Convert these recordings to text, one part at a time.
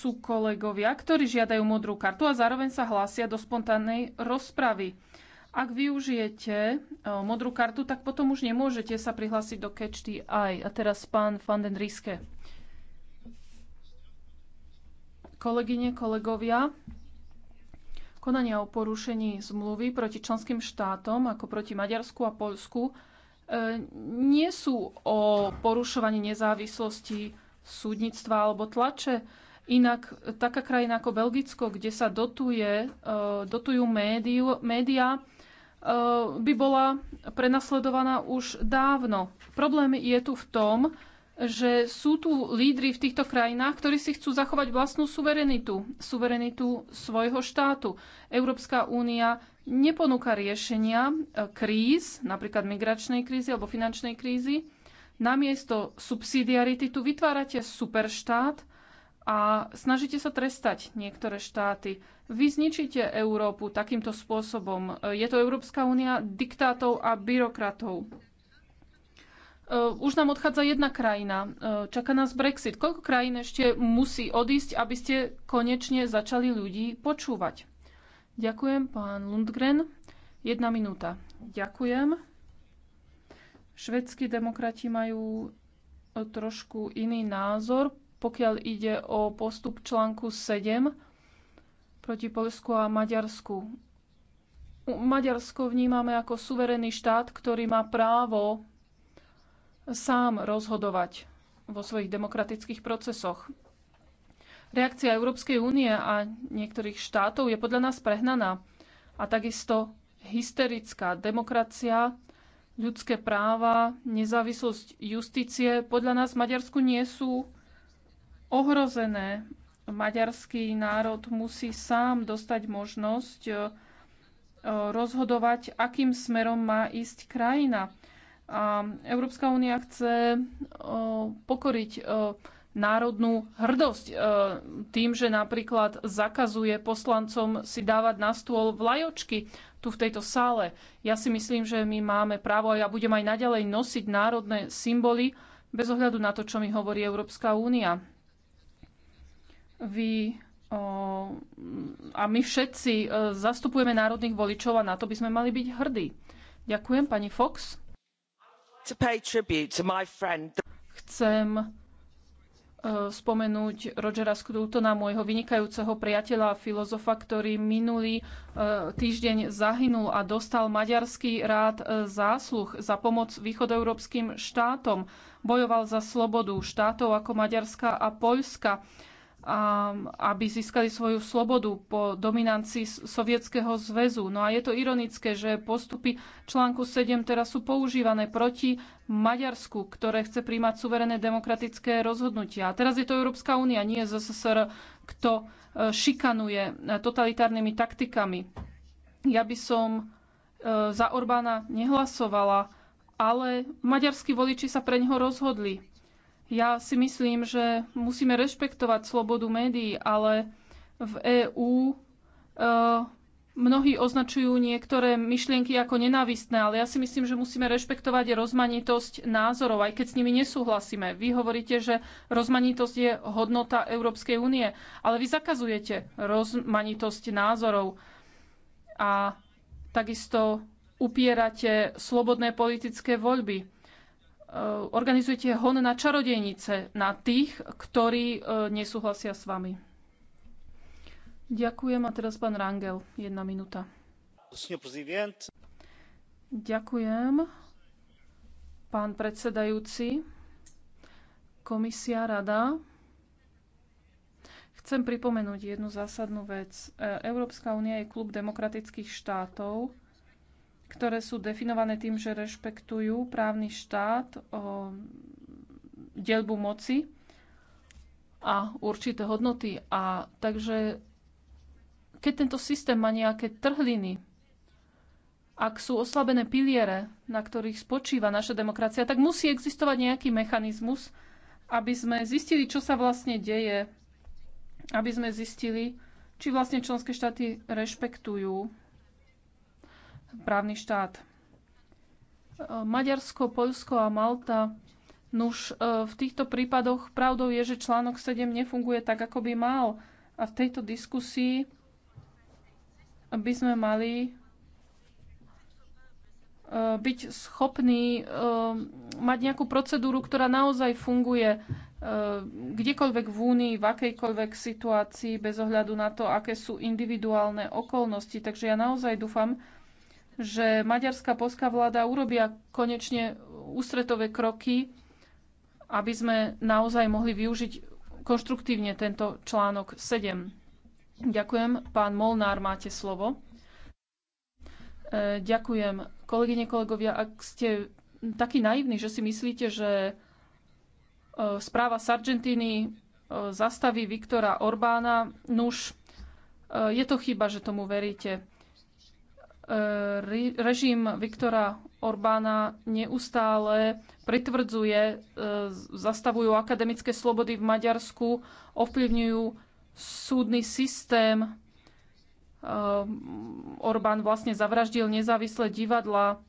sú kolegovia, ktorí žiadajú modrú kartu a zároveň sa hlásia do spontánnej rozpravy. Ak využijete e, modrú kartu, tak potom už nemôžete sa prihlásiť do Catch the Eye. A teraz pán Van den Rieske. Kolegyne, kolegovia, konania o porušení zmluvy proti členským štátom, ako proti Maďarsku a Polsku, e, nie sú o porušovaní nezávislosti súdnictva alebo tlače. Inak taká krajina ako Belgicko, kde sa dotuje, e, dotujú médiu, médiá, e, by bola prenasledovaná už dávno. Problém je tu v tom, že sú tu lídry v týchto krajinách, ktorí si chcú zachovať vlastnú suverenitu, suverenitu svojho štátu. Európska únia neponúka riešenia e, kríz, napríklad migračnej krízy alebo finančnej krízy. Namiesto subsidiarity tu vytvárate superštát, a snažíte sa trestať niektoré štáty. Vy zničíte Európu takýmto spôsobom. Je to Európska únia diktátov a byrokratov. E, už nám odchádza jedna krajina. E, čaká nás Brexit. Koľko krajín ešte musí odísť, aby ste konečne začali ľudí počúvať? Ďakujem, pán Lundgren. Jedna minúta. Ďakujem. Švedskí demokrati majú trošku iný názor pokiaľ ide o postup článku 7 proti Polsku a Maďarsku. Maďarsko vnímame ako suverénny štát, ktorý má právo sám rozhodovať vo svojich demokratických procesoch. Reakcia Európskej únie a niektorých štátov je podľa nás prehnaná a takisto hysterická demokracia, ľudské práva, nezávislosť justície podľa nás v Maďarsku nie sú ohrozené. Maďarský národ musí sám dostať možnosť e, rozhodovať, akým smerom má ísť krajina. A Európska únia chce e, pokoriť e, národnú hrdosť tým, že napríklad zakazuje poslancom si dávať na stôl vlajočky tu v tejto sále. Ja si myslím, že my máme právo a ja budem aj naďalej nosiť národné symboly bez ohľadu na to, čo mi hovorí Európska únia. Vy a my všetci e, zastupujeme národných voličov a na to by sme mali byť hrdí. Ďakujem, pani Fox. Chcem e, spomenúť Rogera Scrutona, môjho vynikajúceho priateľa a filozofa, ktorý minulý e, týždeň zahynul a dostal maďarský rád zásluh za pomoc východoeurópskym štátom. Bojoval za slobodu štátov ako Maďarska a Poľska Um, aby získali svoju slobodu po dominancii Sovietskeho zväzu. No a je to ironické, že postupy článku 7 teraz sú používané proti Maďarsku, ktoré chce príjmať suverené demokratické rozhodnutia. A teraz je to Európska únia, nie ZSSR, kto e, šikanuje e, totalitárnymi taktikami. Ja by som e, za Orbána nehlasovala, ale maďarskí voliči sa pre neho rozhodli. Ja si myslím, že musíme rešpektovať slobodu médií, ale v EÚ e, mnohí označujú niektoré myšlienky ako nenávistné, ale ja si myslím, že musíme rešpektovať rozmanitosť názorov, aj keď s nimi nesúhlasíme. Vy hovoríte, že rozmanitosť je hodnota Európskej únie, ale vy zakazujete rozmanitosť názorov a takisto upierate slobodné politické voľby Eh, organizujete hon na čarodejnice, na tých, ktorí eh, nesúhlasia s vami. Ďakujem a teraz pán Rangel, jedna minúta. Ďakujem, pán predsedajúci, komisia, rada. Chcem pripomenúť jednu zásadnú vec. Eh, Európska únia je klub demokratických štátov, ktoré sú definované tým, že rešpektujú právny štát, delbu moci a určité hodnoty. A takže keď tento systém má nejaké trhliny, ak sú oslabené piliere, na ktorých spočíva naša demokracia, tak musí existovať nejaký mechanizmus, aby sme zistili, čo sa vlastne deje, aby sme zistili, či vlastne členské štáty rešpektujú právny štát. E, Maďarsko, Poľsko a Malta. Nuž, e, v týchto prípadoch pravdou je, že článok 7 nefunguje tak, ako by mal. A v tejto diskusii by sme mali e, byť schopní mať nejakú procedúru, ktorá naozaj funguje kdekoľvek v Únii, v akejkoľvek situácii, bez ohľadu na to, aké sú individuálne okolnosti. Takže ja naozaj dúfam, že maďarská polská vláda urobia konečne ústretové kroky, aby sme naozaj mohli využiť konštruktívne tento článok 7. Ďakujem. Pán Molnár, máte slovo. E, ďakujem. Kolegyne, kolegovia, ak ste takí naivní, že si myslíte, že e, správa Sargentiny e, zastaví Viktora Orbána, nuž, je to chyba, že tomu veríte režim Viktora Orbána neustále pritvrdzuje, e, zastavujú akademické slobody v Maďarsku, ovplyvňujú súdny systém. E, Orbán vlastne zavraždil nezávislé divadla,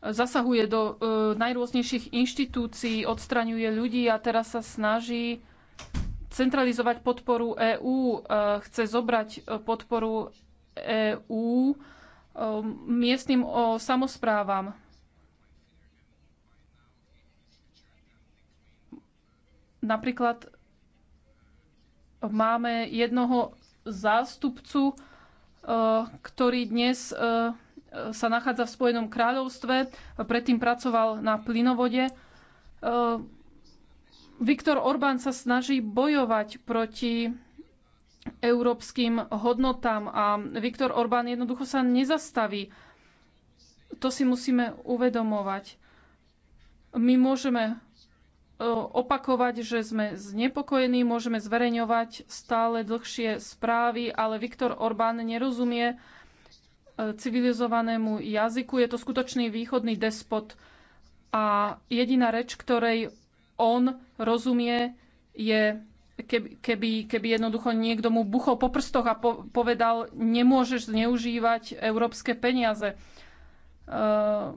zasahuje do e, najrôznejších inštitúcií, odstraňuje ľudí a teraz sa snaží centralizovať podporu EÚ, e, chce zobrať e, podporu EÚ e, miestnym samozprávam. Napríklad máme jednoho zástupcu, ktorý dnes sa nachádza v Spojenom kráľovstve, predtým pracoval na plynovode Viktor Orbán sa snaží bojovať proti európskym hodnotám a Viktor Orbán jednoducho sa nezastaví. To si musíme uvedomovať. My môžeme e, opakovať, že sme znepokojení, môžeme zverejňovať stále dlhšie správy, ale Viktor Orbán nerozumie e, civilizovanému jazyku. Je to skutočný východný despot a jediná reč, ktorej on rozumie, je, keby, keby jednoducho niekto mu buchol po prstoch a po, povedal, nemôžeš zneužívať európske peniaze. E,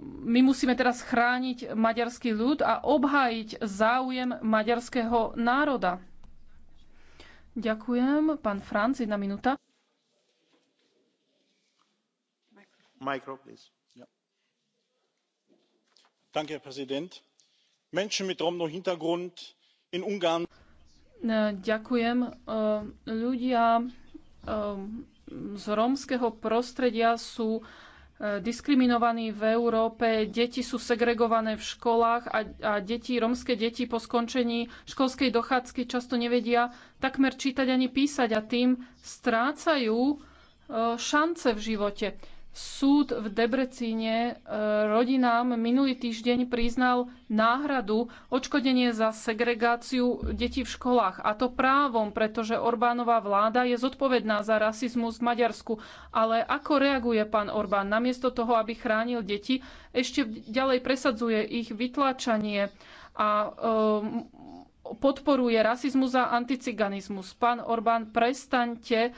my musíme teraz chrániť maďarský ľud a obhájiť záujem maďarského národa. Ďakujem. Pán Franc, jedna minúta. Micro, please. Yeah. Danke, Herr Präsident menschen mit hintergrund in ungarn Ďakujem. E, ľudia e, z rómskeho prostredia sú e, diskriminovaní v Európe, deti sú segregované v školách a, a deti, rómske deti po skončení školskej dochádzky často nevedia takmer čítať ani písať a tým strácajú šance v živote súd v Debrecíne e, rodinám minulý týždeň priznal náhradu odškodenie za segregáciu detí v školách. A to právom, pretože Orbánová vláda je zodpovedná za rasizmus v Maďarsku. Ale ako reaguje pán Orbán? Namiesto toho, aby chránil deti, ešte ďalej presadzuje ich vytláčanie a um, podporuje rasizmus a anticiganizmus. Pán Orbán, prestaňte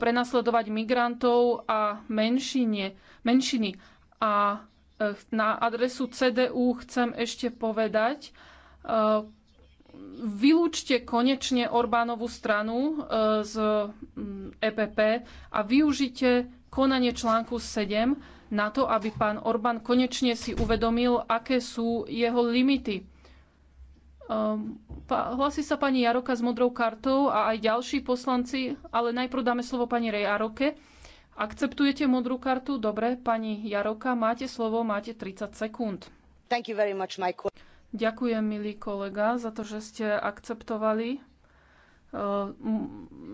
prenasledovať migrantov a menšine, menšiny. A e, na adresu CDU chcem ešte povedať, e, vylúčte konečne Orbánovú stranu e, z mm, EPP a využite konanie článku 7 na to, aby pán Orbán konečne si uvedomil, aké sú jeho limity. Um, pa, hlasí sa pani Jaroka s modrou kartou a aj ďalší poslanci, ale najprv dáme slovo pani Rej Jaroke. Akceptujete modrú kartu? Dobre, pani Jaroka, máte slovo, máte 30 sekúnd. Thank you very much, my... Ďakujem, milý kolega, za to, že ste akceptovali uh,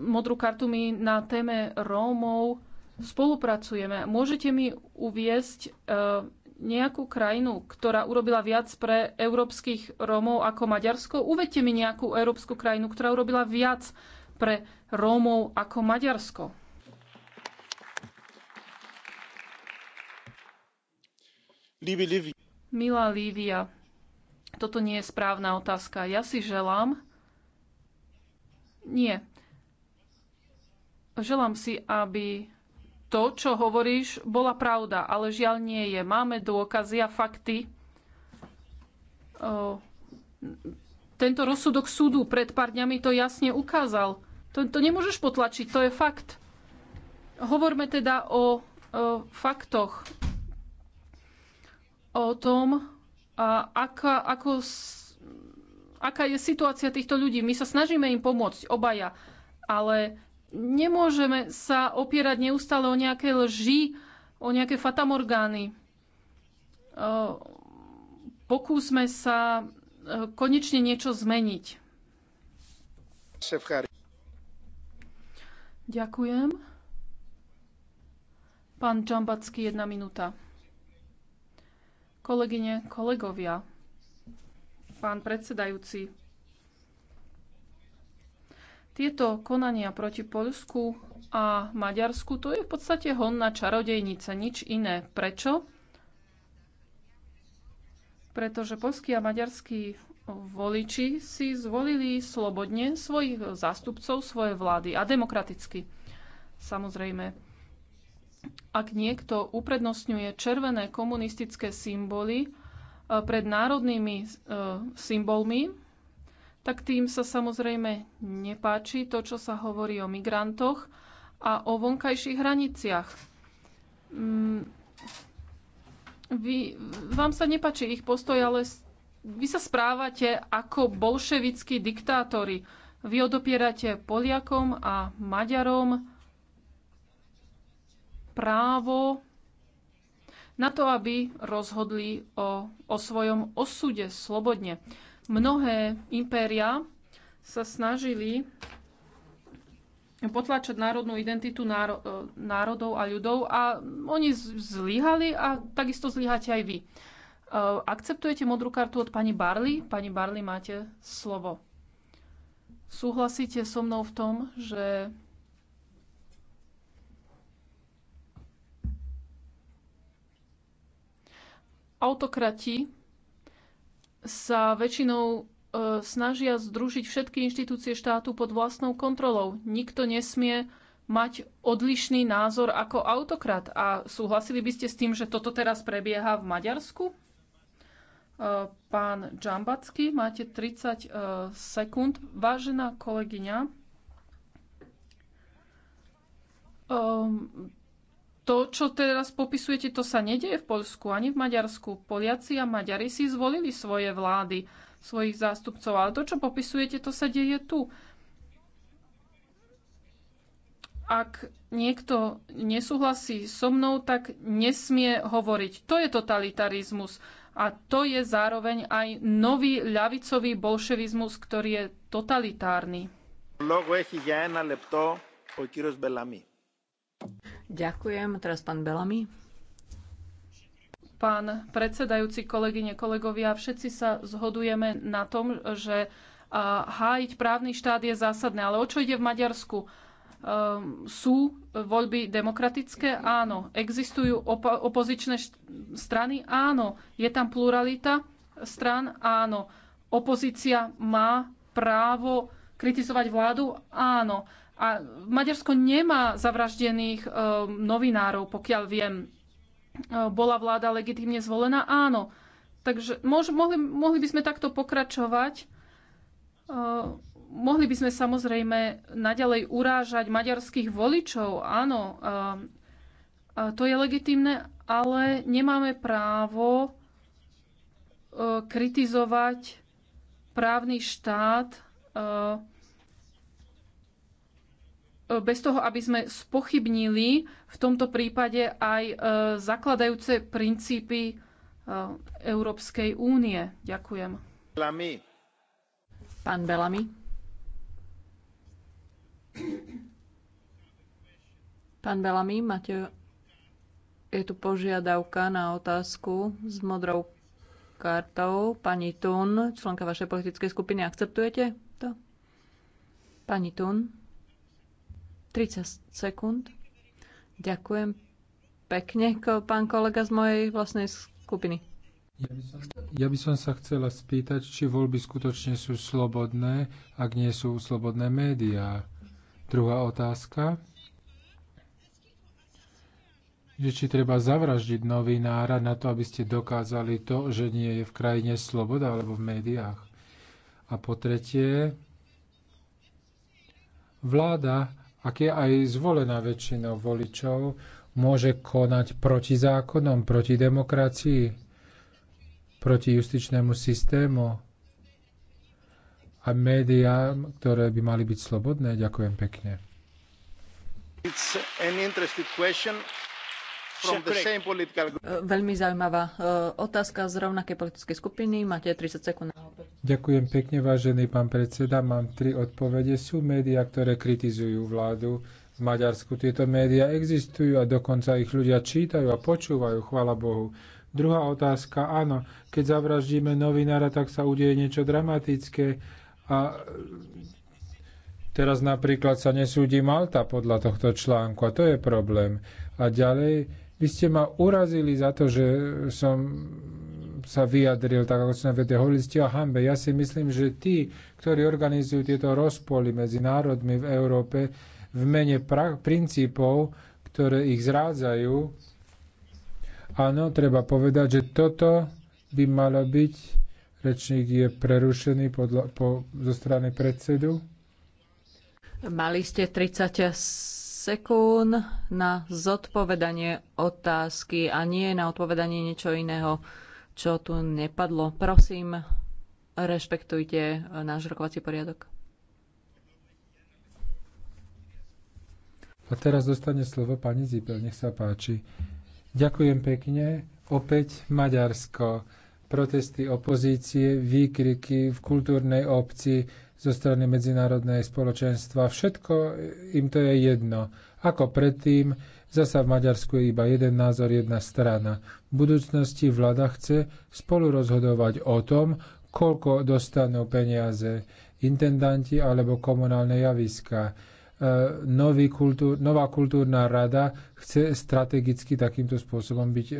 modrú kartu. My na téme Rómov spolupracujeme. Môžete mi uviesť uh, nejakú krajinu, ktorá urobila viac pre európskych Rómov ako Maďarsko? Uvedte mi nejakú európsku krajinu, ktorá urobila viac pre Rómov ako Maďarsko. Milá Lívia, toto nie je správna otázka. Ja si želám... Nie. Želám si, aby to, čo hovoríš, bola pravda, ale žiaľ nie je. Máme dôkazy a fakty. Tento rozsudok súdu pred pár dňami to jasne ukázal. To, to nemôžeš potlačiť, to je fakt. Hovorme teda o, o faktoch. O tom, a aká, ako, aká je situácia týchto ľudí. My sa snažíme im pomôcť, obaja, ale Nemôžeme sa opierať neustále o nejaké lži, o nejaké fatamorgány. E, pokúsme sa e, konečne niečo zmeniť. Ďakujem. Pán Čambacký, jedna minúta. Kolegyne, kolegovia, pán predsedajúci, tieto konania proti Poľsku a Maďarsku to je v podstate hon na čarodejnice, nič iné. Prečo? Pretože poľskí a maďarskí voliči si zvolili slobodne svojich zástupcov, svoje vlády a demokraticky. Samozrejme, ak niekto uprednostňuje červené komunistické symboly eh, pred národnými eh, symbolmi, tak tým sa samozrejme nepáči to, čo sa hovorí o migrantoch a o vonkajších hraniciach. Mm, vy, vám sa nepáči ich postoj, ale vy sa správate ako bolševickí diktátori. Vy odopierate Poliakom a Maďarom právo na to, aby rozhodli o, o svojom osude slobodne. Mnohé impéria sa snažili potlačať národnú identitu e, národov a ľudov a oni zlyhali a takisto zlyháte aj vy. E, akceptujete modrú kartu od pani Barley? Pani Barley, máte slovo. Súhlasíte so mnou v tom, že autokrati sa väčšinou e, snažia združiť všetky inštitúcie štátu pod vlastnou kontrolou. Nikto nesmie mať odlišný názor ako autokrat. A súhlasili by ste s tým, že toto teraz prebieha v Maďarsku? E, pán Džambacký, máte 30 e, sekúnd. Vážená kolegyňa, to, čo teraz popisujete, to sa nedieje v Polsku ani v Maďarsku. Poliaci a Maďari si zvolili svoje vlády, svojich zástupcov, ale to, čo popisujete, to sa deje tu. Ak niekto nesúhlasí so mnou, tak nesmie hovoriť. To je totalitarizmus. A to je zároveň aj nový ľavicový bolševizmus, ktorý je totalitárny. Logo Ďakujem. Teraz pán Belami. Pán predsedajúci, kolegyne, kolegovia, všetci sa zhodujeme na tom, že hájiť právny štát je zásadné. Ale o čo ide v Maďarsku? Ehm, sú voľby demokratické? Áno. Existujú opo- opozičné strany? Áno. Je tam pluralita stran? Áno. Opozícia má právo kritizovať vládu? Áno. A Maďarsko nemá zavraždených uh, novinárov, pokiaľ viem. Uh, bola vláda legitimne zvolená? Áno. Takže mož, mohli, mohli by sme takto pokračovať. Uh, mohli by sme samozrejme naďalej urážať maďarských voličov. Áno, uh, to je legitimné, ale nemáme právo kritizovať právny štát bez toho, aby sme spochybnili v tomto prípade aj e, zakladajúce princípy e, Európskej únie. Ďakujem. Bellamy. Pán Bellamy. Pán Bellamy, máte... Je tu požiadavka na otázku s modrou kartou. Pani Tun, členka vašej politickej skupiny, akceptujete to? Pani Tun. 30 sekúnd. Ďakujem pekne, pán kolega z mojej vlastnej skupiny. Ja by, som, ja by som sa chcela spýtať, či voľby skutočne sú slobodné, ak nie sú slobodné médiá. Druhá otázka, že či treba zavraždiť novinára na to, aby ste dokázali to, že nie je v krajine sloboda alebo v médiách. A po tretie, vláda ak je aj zvolená väčšinou voličov, môže konať proti zákonom, proti demokracii, proti justičnému systému a médiám, ktoré by mali byť slobodné. Ďakujem pekne. It's an interesting question. E, veľmi zaujímavá e, otázka z rovnakej politickej skupiny. Máte 30 sekúnd. Ďakujem pekne, vážený pán predseda. Mám tri odpovede. Sú médiá, ktoré kritizujú vládu v Maďarsku. Tieto médiá existujú a dokonca ich ľudia čítajú a počúvajú, chvala Bohu. Druhá otázka, áno, keď zavraždíme novinára, tak sa udeje niečo dramatické a Teraz napríklad sa nesúdi Malta podľa tohto článku a to je problém. A ďalej vy ste ma urazili za to, že som sa vyjadril, tak ako som vedel, hovorili ste o hambe. Ja si myslím, že tí, ktorí organizujú tieto rozpoly medzi národmi v Európe v mene princípov, ktoré ich zrádzajú, áno, treba povedať, že toto by malo byť, rečník je prerušený podľa, po, zo strany predsedu. Mali ste 30 sekún na zodpovedanie otázky a nie na odpovedanie niečo iného, čo tu nepadlo. Prosím, rešpektujte náš rokovací poriadok. A teraz dostane slovo pani Zipel, nech sa páči. Ďakujem pekne. Opäť Maďarsko. Protesty opozície, výkriky v kultúrnej obci, zo strany medzinárodnej spoločenstva. Všetko im to je jedno. Ako predtým, zasa v Maďarsku je iba jeden názor, jedna strana. V budúcnosti vláda chce spolu rozhodovať o tom, koľko dostanú peniaze intendanti alebo komunálne javiska E, nový kultúr, nová kultúrna rada chce strategicky takýmto spôsobom byť, e,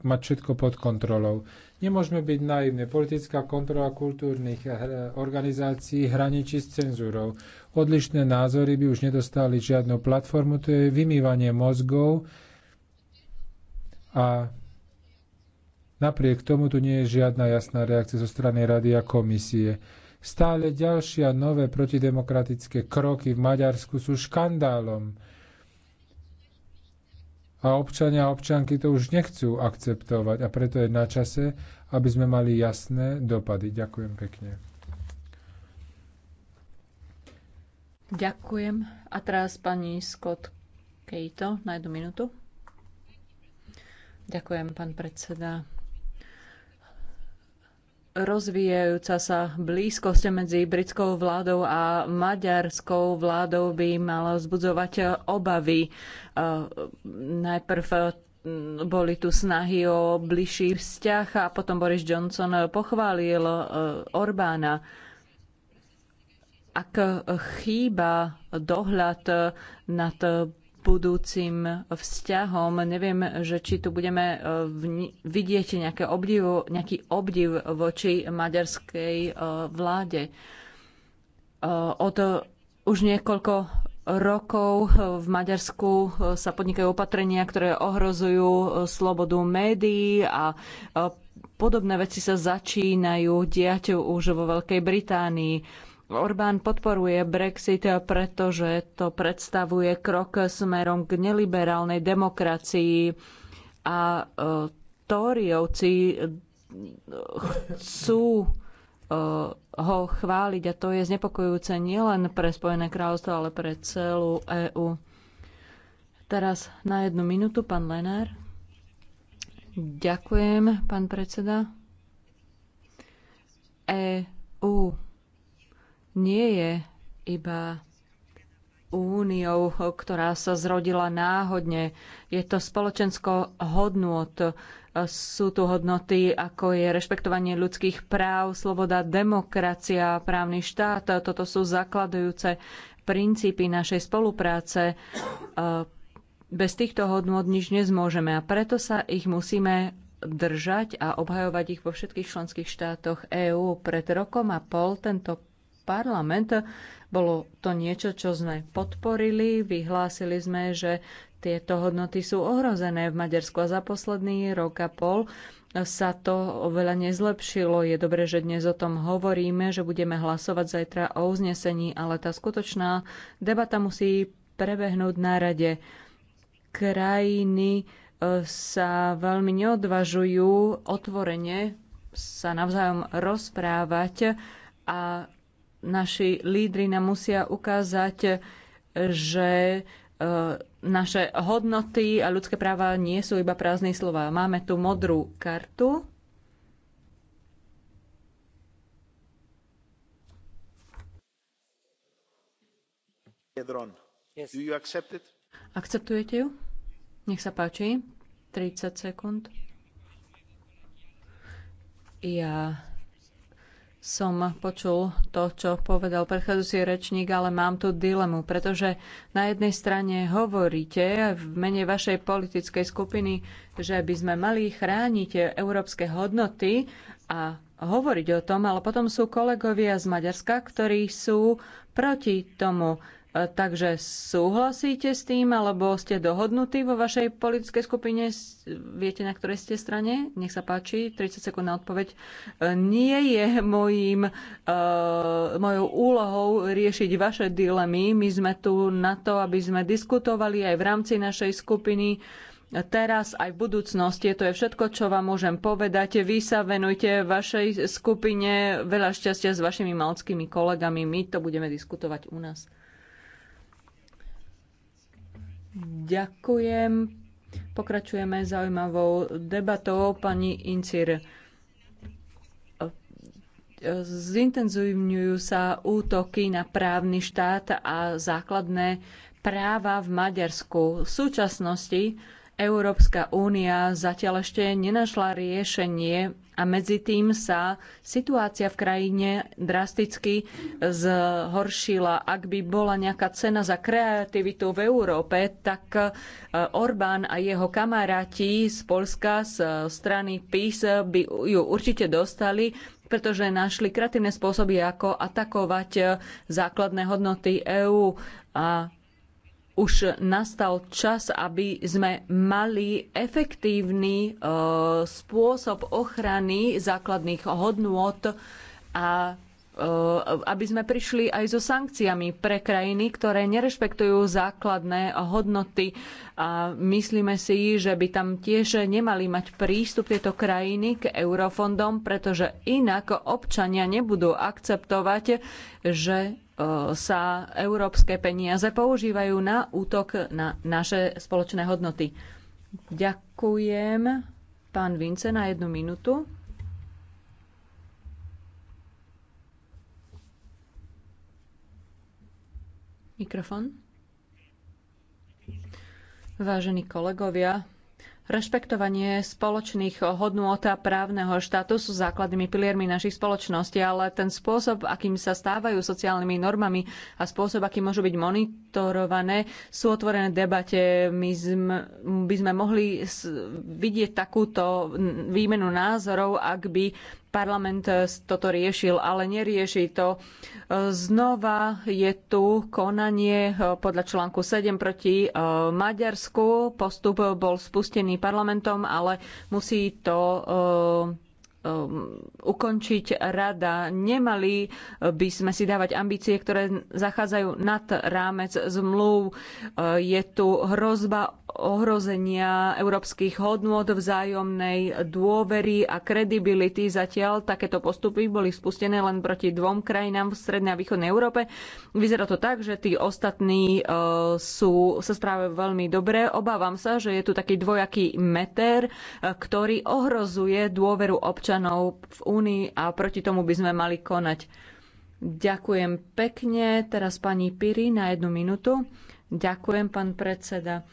mať všetko pod kontrolou. Nemôžeme byť naivní. Politická kontrola kultúrnych e, organizácií hraničí s cenzúrou. Odlišné názory by už nedostali žiadnu platformu, to je vymývanie mozgov a napriek tomu tu nie je žiadna jasná reakcia zo strany rady a komisie. Stále ďalšie nové protidemokratické kroky v Maďarsku sú škandálom. A občania a občanky to už nechcú akceptovať a preto je na čase, aby sme mali jasné dopady. Ďakujem pekne. Ďakujem. A teraz pani Scott Kejto na jednu minútu. Ďakujem, pán predseda rozvíjajúca sa blízkosť medzi britskou vládou a maďarskou vládou by mala vzbudzovať obavy. E, najprv boli tu snahy o bližší vzťah a potom Boris Johnson pochválil e, Orbána. Ak chýba dohľad nad budúcim vzťahom. Neviem, že či tu budeme e, vidieť nejaké nejaký obdiv voči maďarskej e, vláde. E, to už niekoľko rokov v Maďarsku sa podnikajú opatrenia, ktoré ohrozujú slobodu médií a podobné veci sa začínajú diať už vo Veľkej Británii Orbán podporuje Brexit, pretože to predstavuje krok smerom k neliberálnej demokracii a e, Tóriovci e, chcú e, ho chváliť a to je znepokojúce nielen pre Spojené kráľovstvo, ale pre celú EÚ. Teraz na jednu minútu pán Lenár. Ďakujem, pán predseda. EÚ nie je iba úniou, ktorá sa zrodila náhodne. Je to spoločensko hodnôt. Sú tu hodnoty, ako je rešpektovanie ľudských práv, sloboda, demokracia, právny štát. Toto sú zakladujúce princípy našej spolupráce. E, bez týchto hodnot nič nezmôžeme a preto sa ich musíme držať a obhajovať ich vo všetkých členských štátoch EÚ. Pred rokom a pol tento parlament. Bolo to niečo, čo sme podporili. Vyhlásili sme, že tieto hodnoty sú ohrozené v Maďarsku a za posledný rok a pol sa to oveľa nezlepšilo. Je dobre, že dnes o tom hovoríme, že budeme hlasovať zajtra o uznesení, ale tá skutočná debata musí prebehnúť na rade. Krajiny e, sa veľmi neodvažujú otvorene sa navzájom rozprávať a naši lídry nám musia ukázať, že e, naše hodnoty a ľudské práva nie sú iba prázdne slova. Máme tu modrú kartu. Yes. Akceptujete ju? Nech sa páči. 30 sekúnd. Ja som počul to, čo povedal predchádzajúci rečník, ale mám tu dilemu, pretože na jednej strane hovoríte v mene vašej politickej skupiny, že by sme mali chrániť európske hodnoty a hovoriť o tom, ale potom sú kolegovia z Maďarska, ktorí sú proti tomu. E, takže súhlasíte s tým, alebo ste dohodnutí vo vašej politickej skupine? Viete, na ktorej ste strane? Nech sa páči, 30 sekúnd na odpoveď. E, nie je mojím, uh, mojou úlohou riešiť vaše dilemy. My sme tu na to, aby sme diskutovali aj v rámci našej skupiny teraz aj v budúcnosti. To je všetko, čo vám môžem povedať. Vy sa venujte vašej skupine. Veľa šťastia s vašimi malckými kolegami. My to budeme diskutovať u nás. Ďakujem. Pokračujeme zaujímavou debatou. Pani Incir, e, zintenzívňujú sa útoky na právny štát a základné práva v Maďarsku. V súčasnosti Európska únia zatiaľ ešte nenašla riešenie a medzi tým sa situácia v krajine drasticky zhoršila. Ak by bola nejaká cena za kreativitu v Európe, tak e, Orbán a jeho kamaráti z Polska, z e, strany PIS by ju určite dostali, pretože našli kreatívne spôsoby, ako atakovať e, základné hodnoty EÚ a už nastal čas, aby sme mali efektívny e, spôsob ochrany základných hodnôt a e, aby sme prišli aj so sankciami pre krajiny, ktoré nerešpektujú základné hodnoty. A myslíme si, že by tam tiež nemali mať prístup tieto krajiny k eurofondom, pretože inak občania nebudú akceptovať, že E, sa európske peniaze používajú na útok na naše spoločné hodnoty. Ďakujem. Pán Vince na jednu minútu. Mikrofón. Vážení kolegovia, Rešpektovanie spoločných hodnôt a právneho štátu sú základnými piliermi našich spoločnosti, ale ten spôsob, akým sa stávajú sociálnymi normami a spôsob, akým môžu byť monitorované, sú otvorené debate. My sme, by sme mohli vidieť takúto výmenu názorov, ak by Parlament eh, toto riešil, ale nerieši to. Eh, Znova je tu konanie eh, podľa článku 7 proti Maďarsku. Postup bol spustený parlamentom, ale musí to Um, ukončiť rada. Nemali by sme si dávať ambície, ktoré zachádzajú nad rámec zmluv. Uh, je tu hrozba ohrozenia európskych hodnôt, vzájomnej dôvery a kredibility. Zatiaľ takéto postupy boli spustené len proti dvom krajinám v Strednej a Východnej Európe. Vyzerá to tak, že tí ostatní uh, sú, sa správajú veľmi dobre. Obávam sa, že je tu taký dvojaký meter, uh, ktorý ohrozuje dôveru občanov občanov v Únii a proti tomu by sme mali konať. Ďakujem pekne. Teraz pani Piri na jednu minútu. Ďakujem, pán predseda.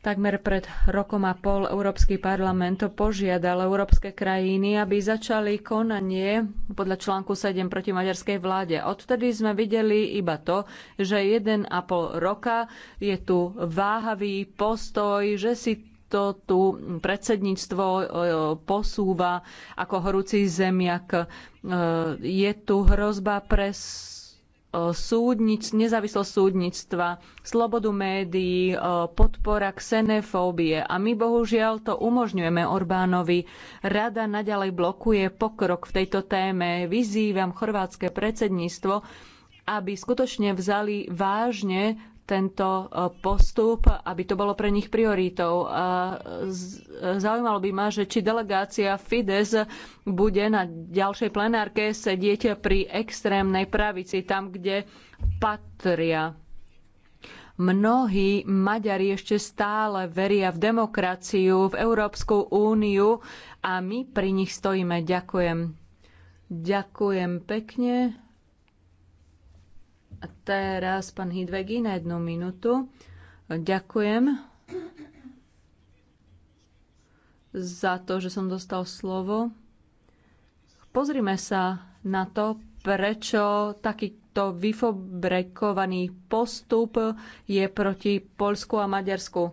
Takmer pred rokom a pol Európsky parlament požiadal európske krajiny, aby začali konanie podľa článku 7 proti maďarskej vláde. Odtedy sme videli iba to, že 1,5 roka je tu váhavý postoj, že si to tu predsedníctvo e, posúva ako horúci zemiak. E, je tu hrozba pre e, súdnic, nezávislosť súdnictva, slobodu médií, podpora xenofóbie. A my bohužiaľ to umožňujeme Orbánovi. Rada naďalej blokuje pokrok v tejto téme. Vyzývam chorvátske predsedníctvo, aby skutočne vzali vážne tento e, postup, aby to bolo pre nich prioritou. A e, e, zaujímalo by ma, že či delegácia Fides bude na ďalšej plenárke sedieť pri extrémnej pravici, tam, kde patria. Mnohí Maďari ešte stále veria v demokraciu, v Európsku úniu a my pri nich stojíme. Ďakujem. Ďakujem pekne. A teraz pán Hidvegi na jednu minútu. Ďakujem za to, že som dostal slovo. Pozrime sa na to, prečo takýto vyfobrekovaný postup je proti Polsku a Maďarsku. E,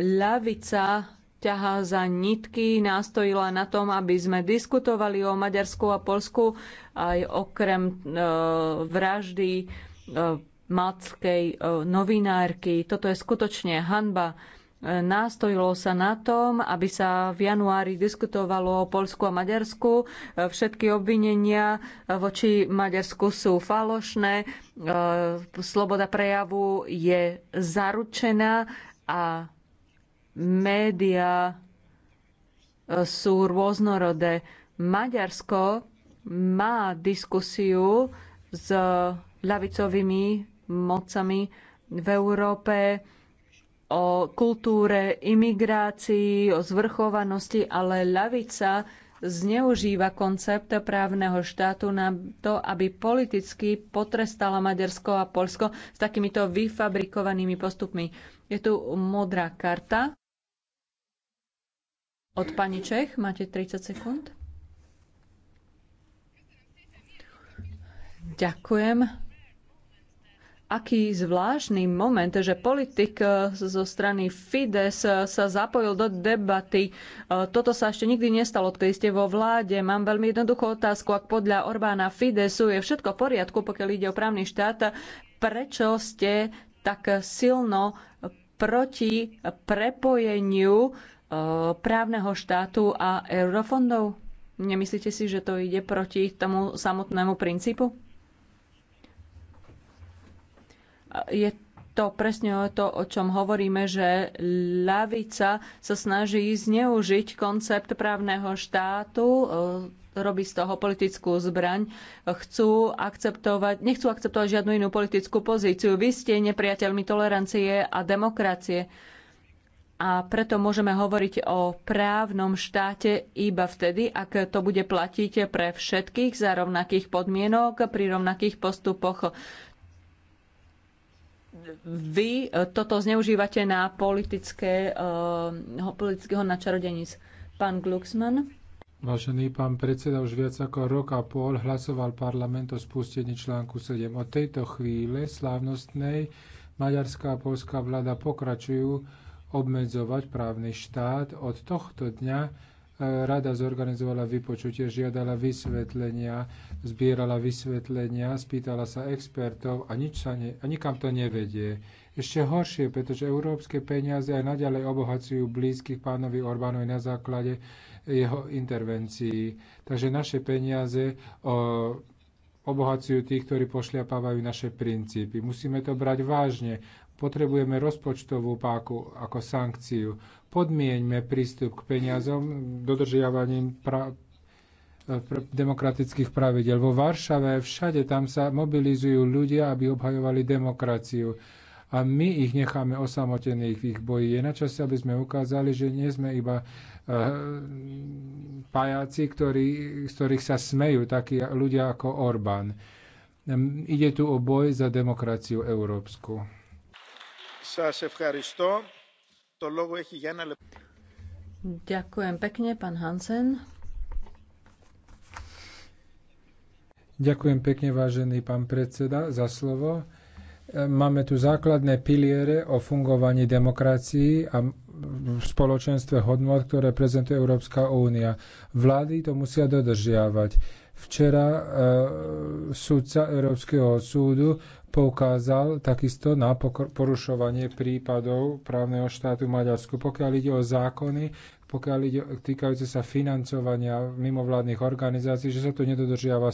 ľavica ťahá za nitky, nástojila na tom, aby sme diskutovali o Maďarsku a Polsku aj okrem e, vraždy e, malckej e, novinárky. Toto je skutočne hanba. E, nástojilo sa na tom, aby sa v januári diskutovalo o Polsku a Maďarsku. E, všetky obvinenia e, voči Maďarsku sú falošné. E, sloboda prejavu je zaručená a média e, sú rôznorodé. Maďarsko má diskusiu s ľavicovými mocami v Európe o kultúre, imigrácii, o zvrchovanosti, ale ľavica zneužíva koncept právneho štátu na to, aby politicky potrestala Maďarsko a Polsko s takýmito vyfabrikovanými postupmi. Je tu modrá karta od pani Čech. Máte 30 sekúnd. Ďakujem. Aký zvláštny moment, že politik eh, zo strany Fides eh, sa zapojil do debaty. Eh, toto sa ešte nikdy nestalo, odkedy ste vo vláde. Mám veľmi jednoduchú otázku, ak podľa Orbána Fidesu je všetko v poriadku, pokiaľ ide o právny štát, prečo ste tak silno proti prepojeniu právneho štátu a eurofondov? Nemyslíte si, že to ide proti tomu samotnému princípu? Je to presne to, o čom hovoríme, že ľavica sa snaží zneužiť koncept právneho štátu, e, robí z toho politickú zbraň, chcú akceptovať, nechcú akceptovať žiadnu inú politickú pozíciu. Vy ste nepriateľmi tolerancie a demokracie a preto môžeme hovoriť o právnom štáte iba vtedy, ak to bude platiť pre všetkých za rovnakých podmienok, pri rovnakých postupoch. Vy toto zneužívate na politické, uh, politického načarodenic. Pán Glucksmann. Vážený pán predseda, už viac ako rok a pol hlasoval parlament o spustení článku 7. Od tejto chvíle slávnostnej maďarská a polská vláda pokračujú obmedzovať právny štát. Od tohto dňa e, rada zorganizovala vypočutie, žiadala vysvetlenia, zbierala vysvetlenia, spýtala sa expertov a, nič sa ne, a nikam to nevedie. Ešte horšie, pretože európske peniaze aj naďalej obohacujú blízkych pánovi Orbánovi na základe jeho intervencií. Takže naše peniaze o, obohacujú tých, ktorí pošliapávajú naše princípy. Musíme to brať vážne. Potrebujeme rozpočtovú páku ako sankciu. Podmieňme prístup k peniazom dodržiavaním pra- demokratických pravidel. Vo Varšave, všade tam sa mobilizujú ľudia, aby obhajovali demokraciu. A my ich necháme osamotených v ich boji. Je na čase, aby sme ukázali, že nie sme iba uh, eh, pajáci, ktorí, z ktorých sa smejú takí ľudia ako Orbán. Hm, ide tu o boj za demokraciu európsku. Ďakujem pekne, pán Hansen. Ďakujem pekne, vážený pán predseda, za slovo. E, máme tu základné piliere o fungovaní demokracií a v spoločenstve hodnot, ktoré prezentuje Európska únia. Vlády to musia dodržiavať. Včera e, sudca Európskeho súdu poukázal takisto na porušovanie prípadov právneho štátu v Maďarsku. Pokiaľ ide o zákony, pokiaľ ide týkajúce sa financovania mimovládnych organizácií, že sa tu nedodržiava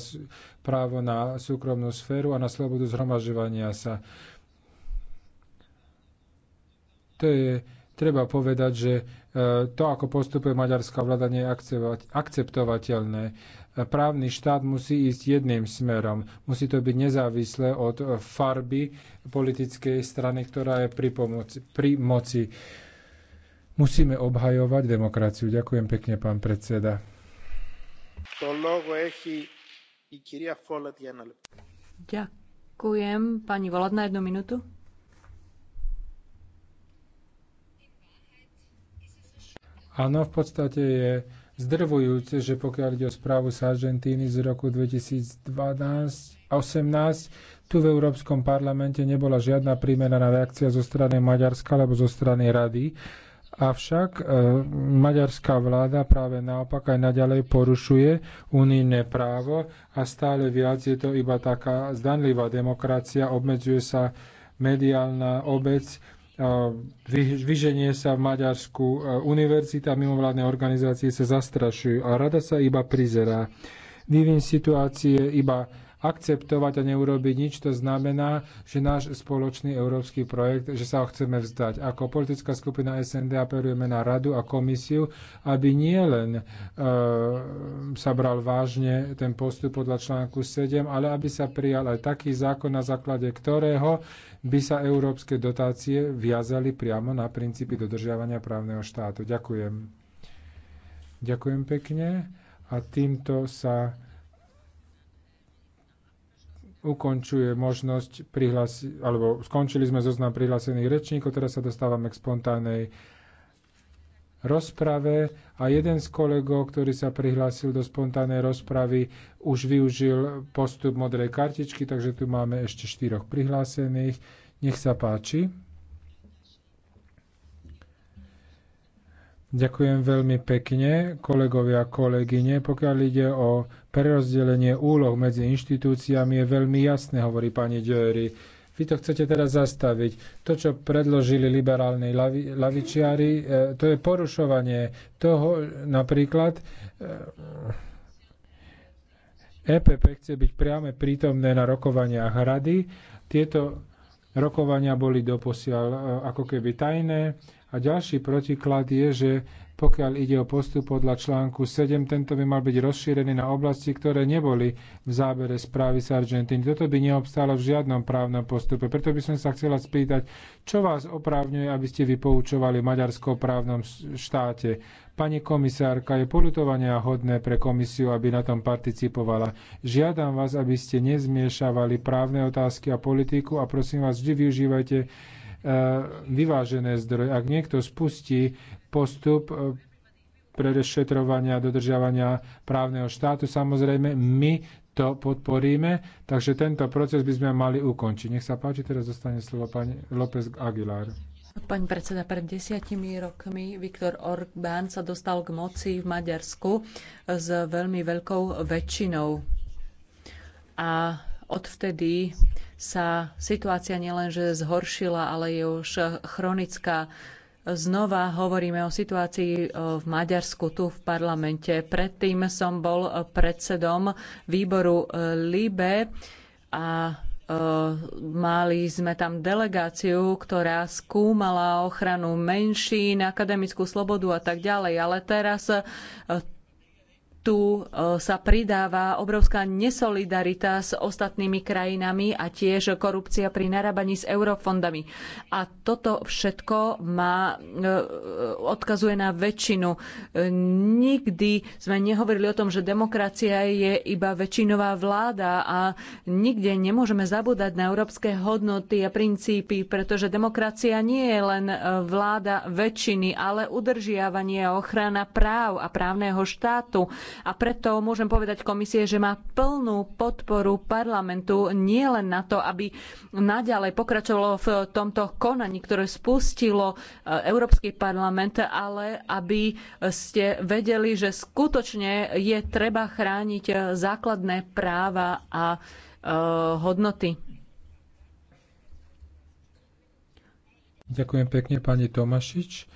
právo na súkromnú sféru a na slobodu zhromažďovania sa. To je treba povedať, že e, to, ako postupuje maďarská vláda, nie je akceptovateľné. Právny štát musí ísť jedným smerom. Musí to byť nezávislé od farby politickej strany, ktorá je pri, pomoci, pri moci. Musíme obhajovať demokraciu. Ďakujem pekne, pán predseda. Ďakujem. Pani Volad na jednu minútu. Áno, v podstate je zdrvujúce, že pokiaľ ide o správu z Argentíny z roku 2012 18, tu v Európskom parlamente nebola žiadna primeraná reakcia zo strany Maďarska alebo zo strany Rady. Avšak e, maďarská vláda práve naopak aj naďalej porušuje unijné právo a stále viac je to iba taká zdanlivá demokracia, obmedzuje sa mediálna obec, vyženie sa v Maďarsku, univerzita a mimovládne organizácie sa zastrašujú a rada sa iba prizerá. Vývin situácie iba akceptovať a neurobiť nič, to znamená, že náš spoločný európsky projekt, že sa ho chceme vzdať. Ako politická skupina SND apelujeme na radu a komisiu, aby nielen e, sa bral vážne ten postup podľa článku 7, ale aby sa prijal aj taký zákon, na základe ktorého by sa európske dotácie viazali priamo na princípy dodržiavania právneho štátu. Ďakujem. Ďakujem pekne a týmto sa ukončuje možnosť prihlásiť, alebo skončili sme zoznam prihlásených rečníkov, teraz sa dostávame k spontánnej rozprave a jeden z kolegov, ktorý sa prihlásil do spontánnej rozpravy, už využil postup modrej kartičky, takže tu máme ešte štyroch prihlásených. Nech sa páči. Ďakujem veľmi pekne, kolegovia a kolegyne. Pokiaľ ide o prerozdelenie úloh medzi inštitúciami, je veľmi jasné, hovorí pani Dery vy to chcete teraz zastaviť. To, čo predložili liberálni lavi, lavičiari, e, to je porušovanie toho napríklad. EPP e chce byť priame prítomné na rokovaniach rady. Tieto rokovania boli doposiaľ e, ako keby tajné. A ďalší protiklad je, že pokiaľ ide o postup podľa článku 7, tento by mal byť rozšírený na oblasti, ktoré neboli v zábere správy z Argentíny. Toto by neobstálo v žiadnom právnom postupe. Preto by som sa chcela spýtať, čo vás oprávňuje, aby ste vypoučovali Maďarsko o právnom štáte. Pani komisárka, je polutovania hodné pre komisiu, aby na tom participovala. Žiadam vás, aby ste nezmiešavali právne otázky a politiku a prosím vás, vždy využívajte e, vyvážené zdroje. Ak niekto spustí postup e, pre rešetrovania a dodržiavania právneho štátu. Samozrejme, my to podporíme, takže tento proces by sme mali ukončiť. Nech sa páči, teraz zostane slovo pani López Aguilar. Pani predseda, pred desiatimi rokmi Viktor Orbán sa dostal k moci v Maďarsku s veľmi veľkou väčšinou. A odvtedy sa situácia nielenže zhoršila, ale je už chronická Znova hovoríme o situácii e, v Maďarsku tu v parlamente. Predtým som bol predsedom výboru e, LIBE a e, mali sme tam delegáciu, ktorá skúmala ochranu menšín, akademickú slobodu a tak ďalej. Ale teraz tu e, sa pridáva obrovská nesolidarita s ostatnými krajinami a tiež korupcia pri narábaní s eurofondami. A toto všetko má, e, odkazuje na väčšinu. E, nikdy sme nehovorili o tom, že demokracia je iba väčšinová vláda a nikde nemôžeme zabúdať na európske hodnoty a princípy, pretože demokracia nie je len vláda väčšiny, ale udržiavanie a ochrana práv a právneho štátu a preto môžem povedať komisie, že má plnú podporu parlamentu nielen na to, aby naďalej pokračovalo v tomto konaní, ktoré spustil e, Európsky parlament, ale aby ste vedeli, že skutočne je treba chrániť základné práva a e, hodnoty. Ďakujem pekne pani Tomašič.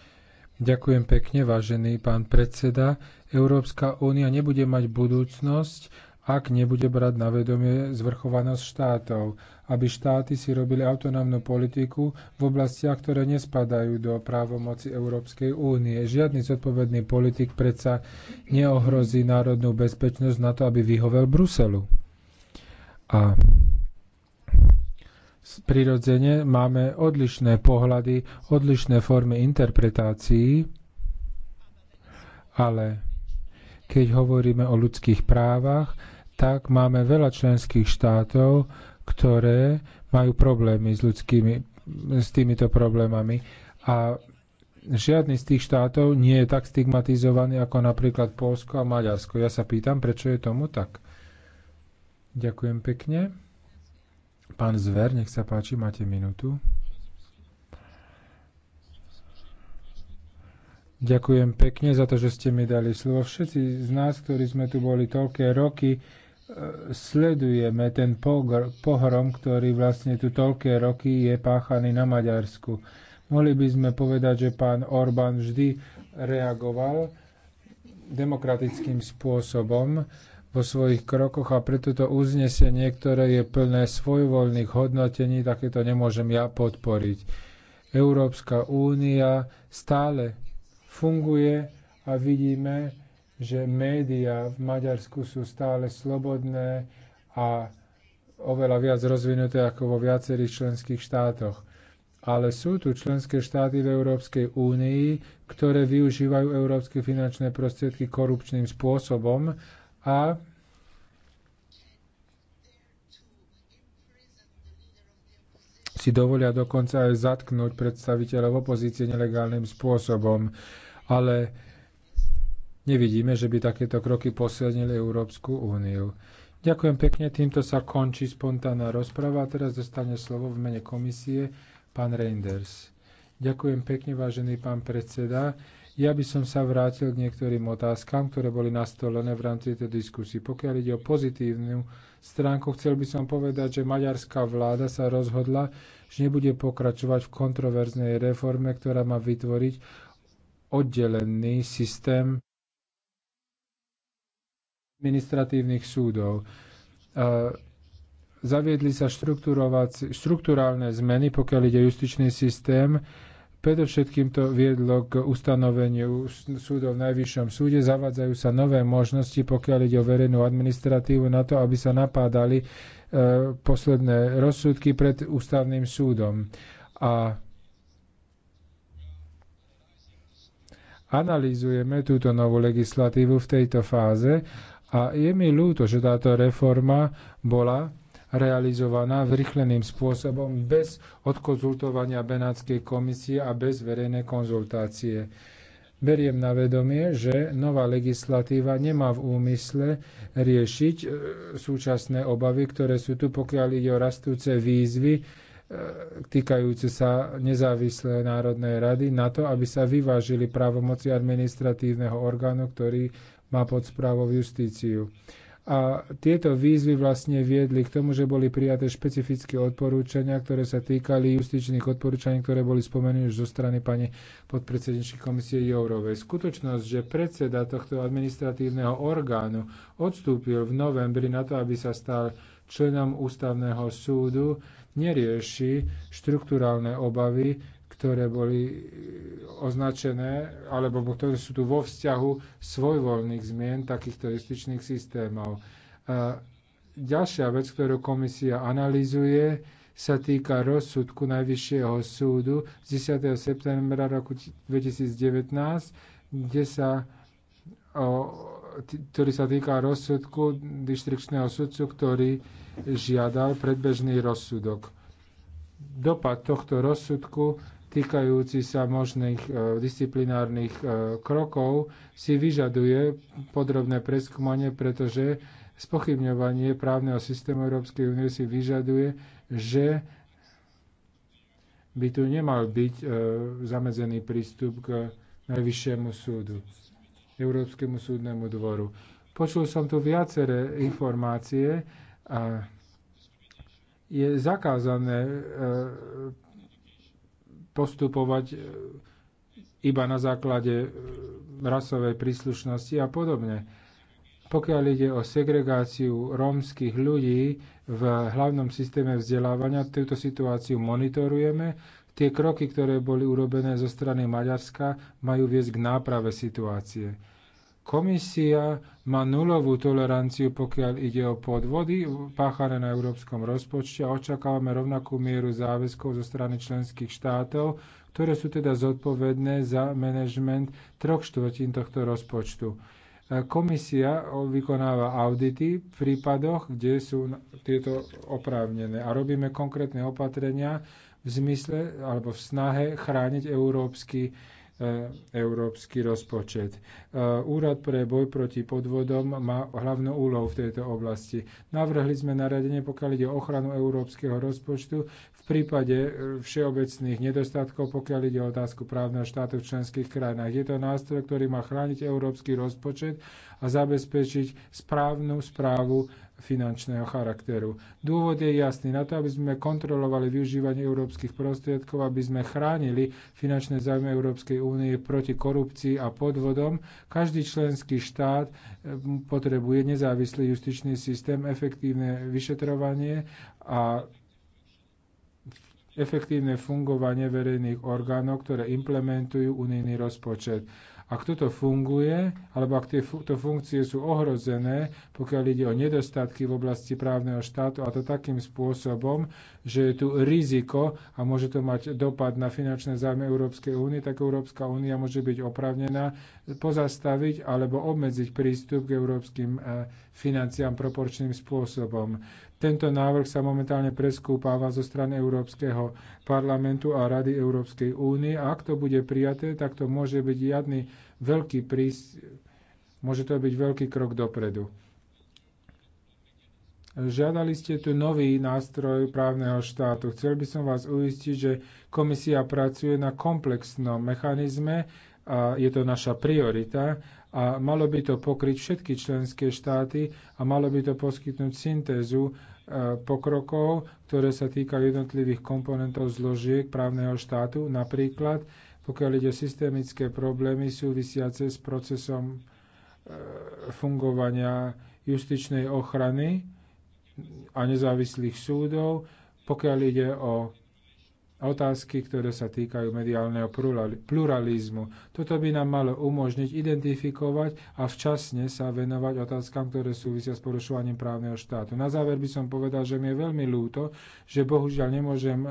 Ďakujem pekne, vážený pán predseda. Európska únia nebude mať budúcnosť, ak nebude brať na vedomie zvrchovanosť štátov, aby štáty si robili autonómnu politiku v oblastiach, ktoré nespadajú do právomoci Európskej únie. Žiadny zodpovedný politik predsa neohrozí národnú bezpečnosť na to, aby vyhovel Bruselu. A prirodzene máme odlišné pohľady, odlišné formy interpretácií, ale keď hovoríme o ľudských právach, tak máme veľa členských štátov, ktoré majú problémy s, ľudskými, s týmito problémami. A žiadny z tých štátov nie je tak stigmatizovaný ako napríklad Polsko a Maďarsko. Ja sa pýtam, prečo je tomu tak. Ďakujem pekne. Pán Zver, nech sa páči, máte minútu. Ďakujem pekne za to, že ste mi dali slovo. Všetci z nás, ktorí sme tu boli toľké roky, e, sledujeme ten pohrom, ktorý vlastne tu toľké roky je páchaný na Maďarsku. Mohli by sme povedať, že pán Orbán vždy reagoval demokratickým spôsobom vo svojich krokoch a preto to uznesenie, ktoré je plné svojvoľných hodnotení, takéto nemôžem ja podporiť. Európska únia stále funguje a vidíme, že médiá v Maďarsku sú stále slobodné a oveľa viac rozvinuté ako vo viacerých členských štátoch. Ale sú tu členské štáty v Európskej únii, ktoré využívajú európske finančné prostriedky korupčným spôsobom a si dovolia dokonca aj zatknúť predstaviteľov opozície nelegálnym spôsobom. Ale nevidíme, že by takéto kroky posilnili Európsku úniu. Ďakujem pekne, týmto sa končí spontánna rozprava. Teraz dostane slovo v mene komisie pán Reinders. Ďakujem pekne, vážený pán predseda. Ja by som sa vrátil k niektorým otázkam, ktoré boli nastolené v rámci tejto diskusie. Pokiaľ ide o pozitívnu stránku, chcel by som povedať, že maďarská vláda sa rozhodla, že nebude pokračovať v kontroverznej reforme, ktorá má vytvoriť oddelený systém administratívnych súdov. Zaviedli sa štruktúrálne zmeny, pokiaľ ide o justičný systém, Predovšetkým to viedlo k ustanoveniu súdov v Najvyššom súde. Zavádzajú sa nové možnosti, pokiaľ ide o verejnú administratívu, na to, aby sa napádali e, posledné rozsudky pred ústavným súdom. A analýzujeme túto novú legislatívu v tejto fáze a je mi ľúto, že táto reforma bola realizovaná zrychleným spôsobom bez odkonzultovania Benátskej komisie a bez verejnej konzultácie. Beriem na vedomie, že nová legislatíva nemá v úmysle riešiť e, súčasné obavy, ktoré sú tu, pokiaľ ide o rastúce výzvy e, týkajúce sa nezávislé Národnej rady na to, aby sa vyvážili právomoci administratívneho orgánu, ktorý má pod správou justíciu. A tieto výzvy vlastne viedli k tomu, že boli prijaté špecifické odporúčania, ktoré sa týkali justičných odporúčaní, ktoré boli spomenuté už zo strany pani podpredsedničky komisie Jourovej. Skutočnosť, že predseda tohto administratívneho orgánu odstúpil v novembri na to, aby sa stal členom ústavného súdu, nerieši štruktúrálne obavy, ktoré boli e, označené, alebo ktoré sú tu vo vzťahu svojvoľných zmien takýchto justičných systémov. A e, ďalšia vec, ktorú komisia analýzuje, sa týka rozsudku Najvyššieho súdu z 10. septembra roku 2019, kde sa o, ktorý sa týka rozsudku distrikčného sudcu, ktorý žiadal predbežný rozsudok. Dopad tohto rozsudku týkajúci sa možných e, disciplinárnych e, krokov si vyžaduje podrobné preskúmanie, pretože spochybňovanie právneho systému Európskej únie si vyžaduje, že by tu nemal byť e, zamedzený prístup k Najvyššiemu súdu, Európskemu súdnemu dvoru. Počul som tu viaceré informácie a je zakázané postupovať e, iba na základe e, rasovej príslušnosti a podobne. Pokiaľ ide o segregáciu rómskych ľudí v hlavnom systéme vzdelávania, túto situáciu monitorujeme. Tie kroky, ktoré boli urobené zo strany Maďarska, majú viesť k náprave situácie. Komisia má nulovú toleranciu, pokiaľ ide o podvody páchané na európskom rozpočte a očakávame rovnakú mieru záväzkov zo strany členských štátov, ktoré sú teda zodpovedné za manažment troch štvrtín tohto rozpočtu. Komisia vykonáva audity v prípadoch, kde sú tieto oprávnené a robíme konkrétne opatrenia v zmysle alebo v snahe chrániť európsky E, európsky rozpočet. E, Úrad pre boj proti podvodom má hlavnú úlohu v tejto oblasti. Navrhli sme naradenie, pokiaľ ide o ochranu európskeho rozpočtu v prípade e, všeobecných nedostatkov, pokiaľ ide o otázku právneho štátu v členských krajinách. Je to nástroj, ktorý má chrániť európsky rozpočet a zabezpečiť správnu správu finančného charakteru. Dôvod je jasný. Na to, aby sme kontrolovali využívanie európskych prostriedkov, aby sme chránili finančné záujmy Európskej únie proti korupcii a podvodom, každý členský štát eh, potrebuje nezávislý justičný systém, efektívne vyšetrovanie a efektívne fungovanie verejných orgánov, ktoré implementujú unijný rozpočet. Ak toto funguje, alebo ak tieto funkcie sú ohrozené, pokiaľ ide o nedostatky v oblasti právneho štátu, a to takým spôsobom, že je tu riziko a môže to mať dopad na finančné zájmy Európskej únie, tak Európska únia môže byť opravnená pozastaviť alebo obmedziť prístup k európskym eh, financiám proporčným spôsobom. Tento návrh sa momentálne preskúpáva zo strany Európskeho parlamentu a Rady Európskej únie a ak to bude prijaté, tak to môže byť jadný veľký prís, môže to byť veľký krok dopredu. Žiadali ste tu nový nástroj právneho štátu. Chcel by som vás uistiť, že komisia pracuje na komplexnom mechanizme a je to naša priorita a malo by to pokryť všetky členské štáty a malo by to poskytnúť syntézu E, pokrokov, ktoré sa týkajú jednotlivých komponentov zložiek právneho štátu, napríklad pokiaľ ide o systemické problémy súvisiace s procesom e, fungovania justičnej ochrany a nezávislých súdov, pokiaľ ide o otázky, ktoré sa týkajú mediálneho pluralizmu. Toto by nám malo umožniť identifikovať a včasne sa venovať otázkam, ktoré súvisia s porušovaním právneho štátu. Na záver by som povedal, že mi je veľmi ľúto, že bohužiaľ nemôžem e,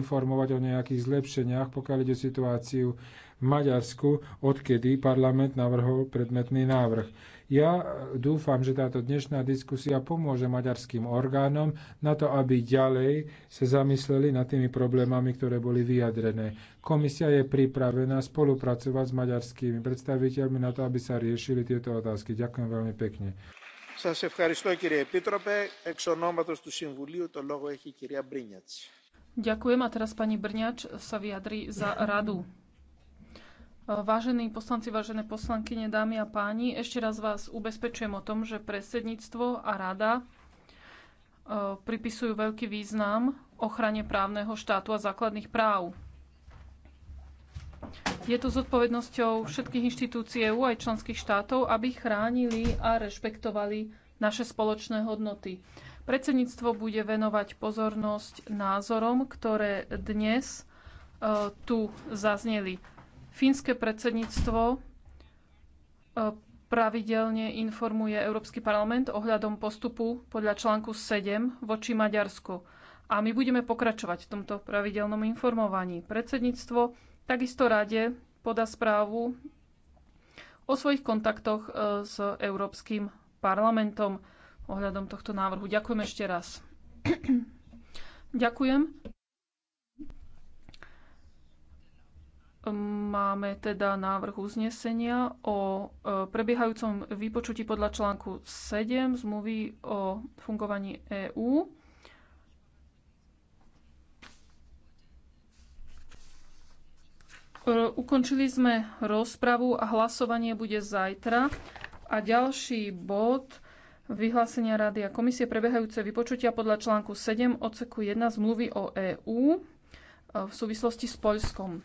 informovať o nejakých zlepšeniach, pokiaľ ide o situáciu v Maďarsku, odkedy parlament navrhol predmetný návrh. Ja eh, dúfam, že táto dnešná diskusia pomôže maďarským orgánom na to, aby ďalej sa zamysleli nad tými problémami, ktoré boli vyjadrené. Komisia je pripravená spolupracovať s maďarskými predstaviteľmi na to, aby sa riešili tieto otázky. Ďakujem veľmi pekne. Σας ευχαριστώ κύριε Επίτροπε. Εξ ονόματος του Συμβουλίου το λόγο έχει η κυρία Μπρίνιατς. Ďakujem a teraz pani Brňač sa vyjadri za radu. Vážení poslanci, vážené poslankyne, dámy a páni, ešte raz vás ubezpečujem o tom, že predsedníctvo a rada e, pripisujú veľký význam ochrane právneho štátu a základných práv. Je to zodpovednosťou všetkých inštitúcií EU aj členských štátov, aby chránili a rešpektovali naše spoločné hodnoty. Predsedníctvo bude venovať pozornosť názorom, ktoré dnes e, tu zazneli. Fínske predsedníctvo e, pravidelne informuje Európsky parlament ohľadom postupu podľa článku 7 voči Maďarsku. A my budeme pokračovať v tomto pravidelnom informovaní. Predsedníctvo takisto rade podá správu o svojich kontaktoch e, s Európskym parlamentom ohľadom tohto návrhu. Ďakujem ešte raz. Ďakujem. Máme teda návrh uznesenia o e, prebiehajúcom vypočutí podľa článku 7 zmluvy o fungovaní EÚ. E, ukončili sme rozpravu a hlasovanie bude zajtra. A ďalší bod vyhlásenia Rady a komisie prebiehajúce vypočutia podľa článku 7 odseku 1 zmluvy o EÚ e, v súvislosti s Poľskom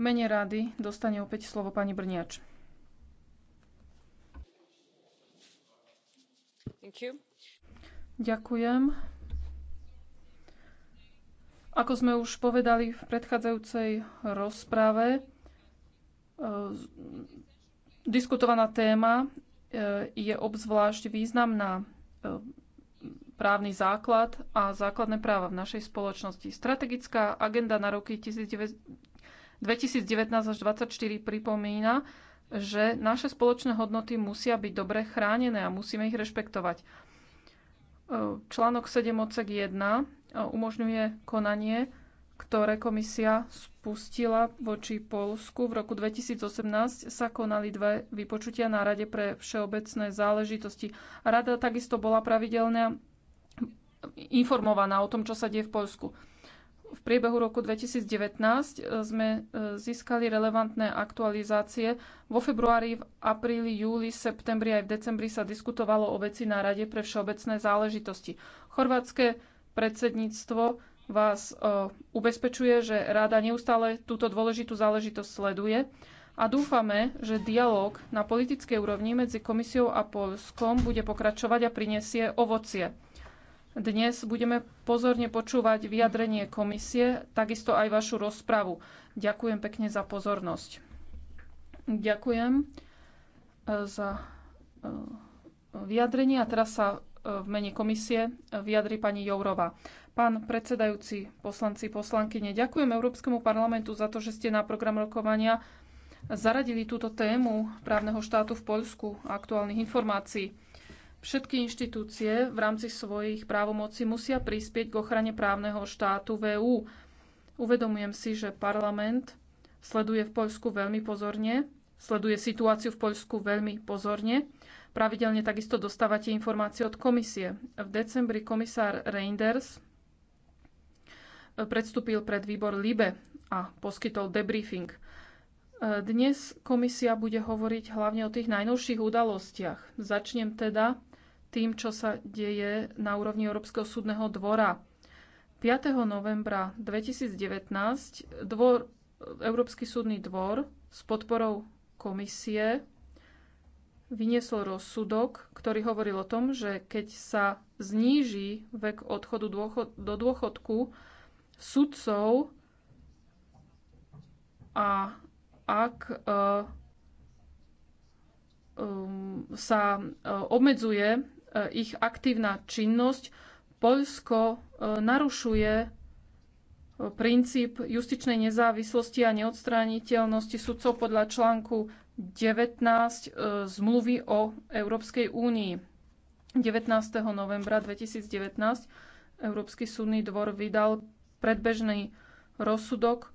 mene rady dostane opäť slovo pani Brniač. Ďakujem. Ako sme už povedali v predchádzajúcej rozprave, e, diskutovaná téma e, je obzvlášť významná e, právny základ a základné práva v našej spoločnosti. Strategická agenda na roky 2019 2019 až 2024 pripomína, že naše spoločné hodnoty musia byť dobre chránené a musíme ich rešpektovať. E, článok 7 odsek 1 e, umožňuje konanie, ktoré komisia spustila voči Polsku. V roku 2018 sa konali dve vypočutia na Rade pre všeobecné záležitosti. Rada takisto bola pravidelne informovaná o tom, čo sa deje v Polsku. V priebehu roku 2019 e, sme e, získali relevantné aktualizácie. Vo februári, v apríli, júli, septembri aj v decembri sa diskutovalo o veci na Rade pre všeobecné záležitosti. Chorvátske predsedníctvo vás e, ubezpečuje, že Rada neustále túto dôležitú záležitosť sleduje a dúfame, že dialog na politickej úrovni medzi komisiou a Polskom bude pokračovať a prinesie ovocie. Dnes budeme pozorne počúvať vyjadrenie komisie, takisto aj vašu rozpravu. Ďakujem pekne za pozornosť. Ďakujem e, za e, vyjadrenie a teraz sa e, v mene komisie vyjadri pani Jourova. Pán predsedajúci, poslanci, poslankyne, ďakujem Európskemu parlamentu za to, že ste na program rokovania zaradili túto tému právneho štátu v Poľsku a aktuálnych informácií. Všetky inštitúcie v rámci svojich právomocí musia prispieť k ochrane právneho štátu v e Uvedomujem si, že parlament sleduje v Poľsku veľmi pozorne, sleduje situáciu v Poľsku veľmi pozorne. Pravidelne takisto dostávate informácie od komisie. V decembri komisár Reinders e, predstúpil pred výbor LIBE a poskytol debriefing. E, dnes komisia bude hovoriť hlavne o tých najnovších udalostiach. Začnem teda tým, čo sa deje na úrovni Európskeho súdneho dvora. 5. novembra 2019 dvor, Európsky súdny dvor s podporou komisie vyniesol rozsudok, ktorý hovoril o tom, že keď sa zníži vek odchodu dôchod, do dôchodku sudcov a ak um, sa e, obmedzuje E, ich aktívna činnosť. Poľsko e, narušuje e, princíp justičnej nezávislosti a neodstrániteľnosti sudcov podľa článku 19 zmluvy o Európskej únii. 19. novembra 2019 Európsky súdny dvor vydal predbežný rozsudok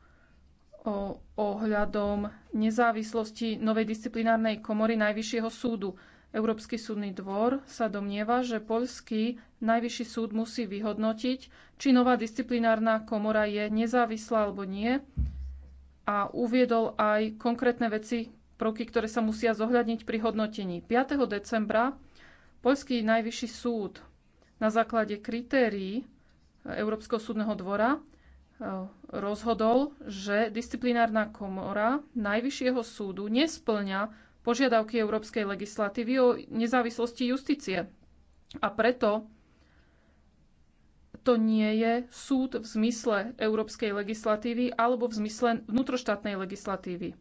o, ohľadom nezávislosti novej disciplinárnej komory Najvyššieho súdu. Európsky súdny dvor sa domnieva, že poľský najvyšší súd musí vyhodnotiť, či nová disciplinárna komora je nezávislá alebo nie a uviedol aj konkrétne veci, prvky, ktoré sa musia zohľadniť pri hodnotení. 5. decembra poľský najvyšší súd na základe kritérií Európskeho súdneho dvora e, rozhodol, že disciplinárna komora Najvyššieho súdu nesplňa požiadavky európskej legislatívy o nezávislosti justície. A preto to nie je súd v zmysle európskej legislatívy alebo v zmysle vnútroštátnej legislatívy.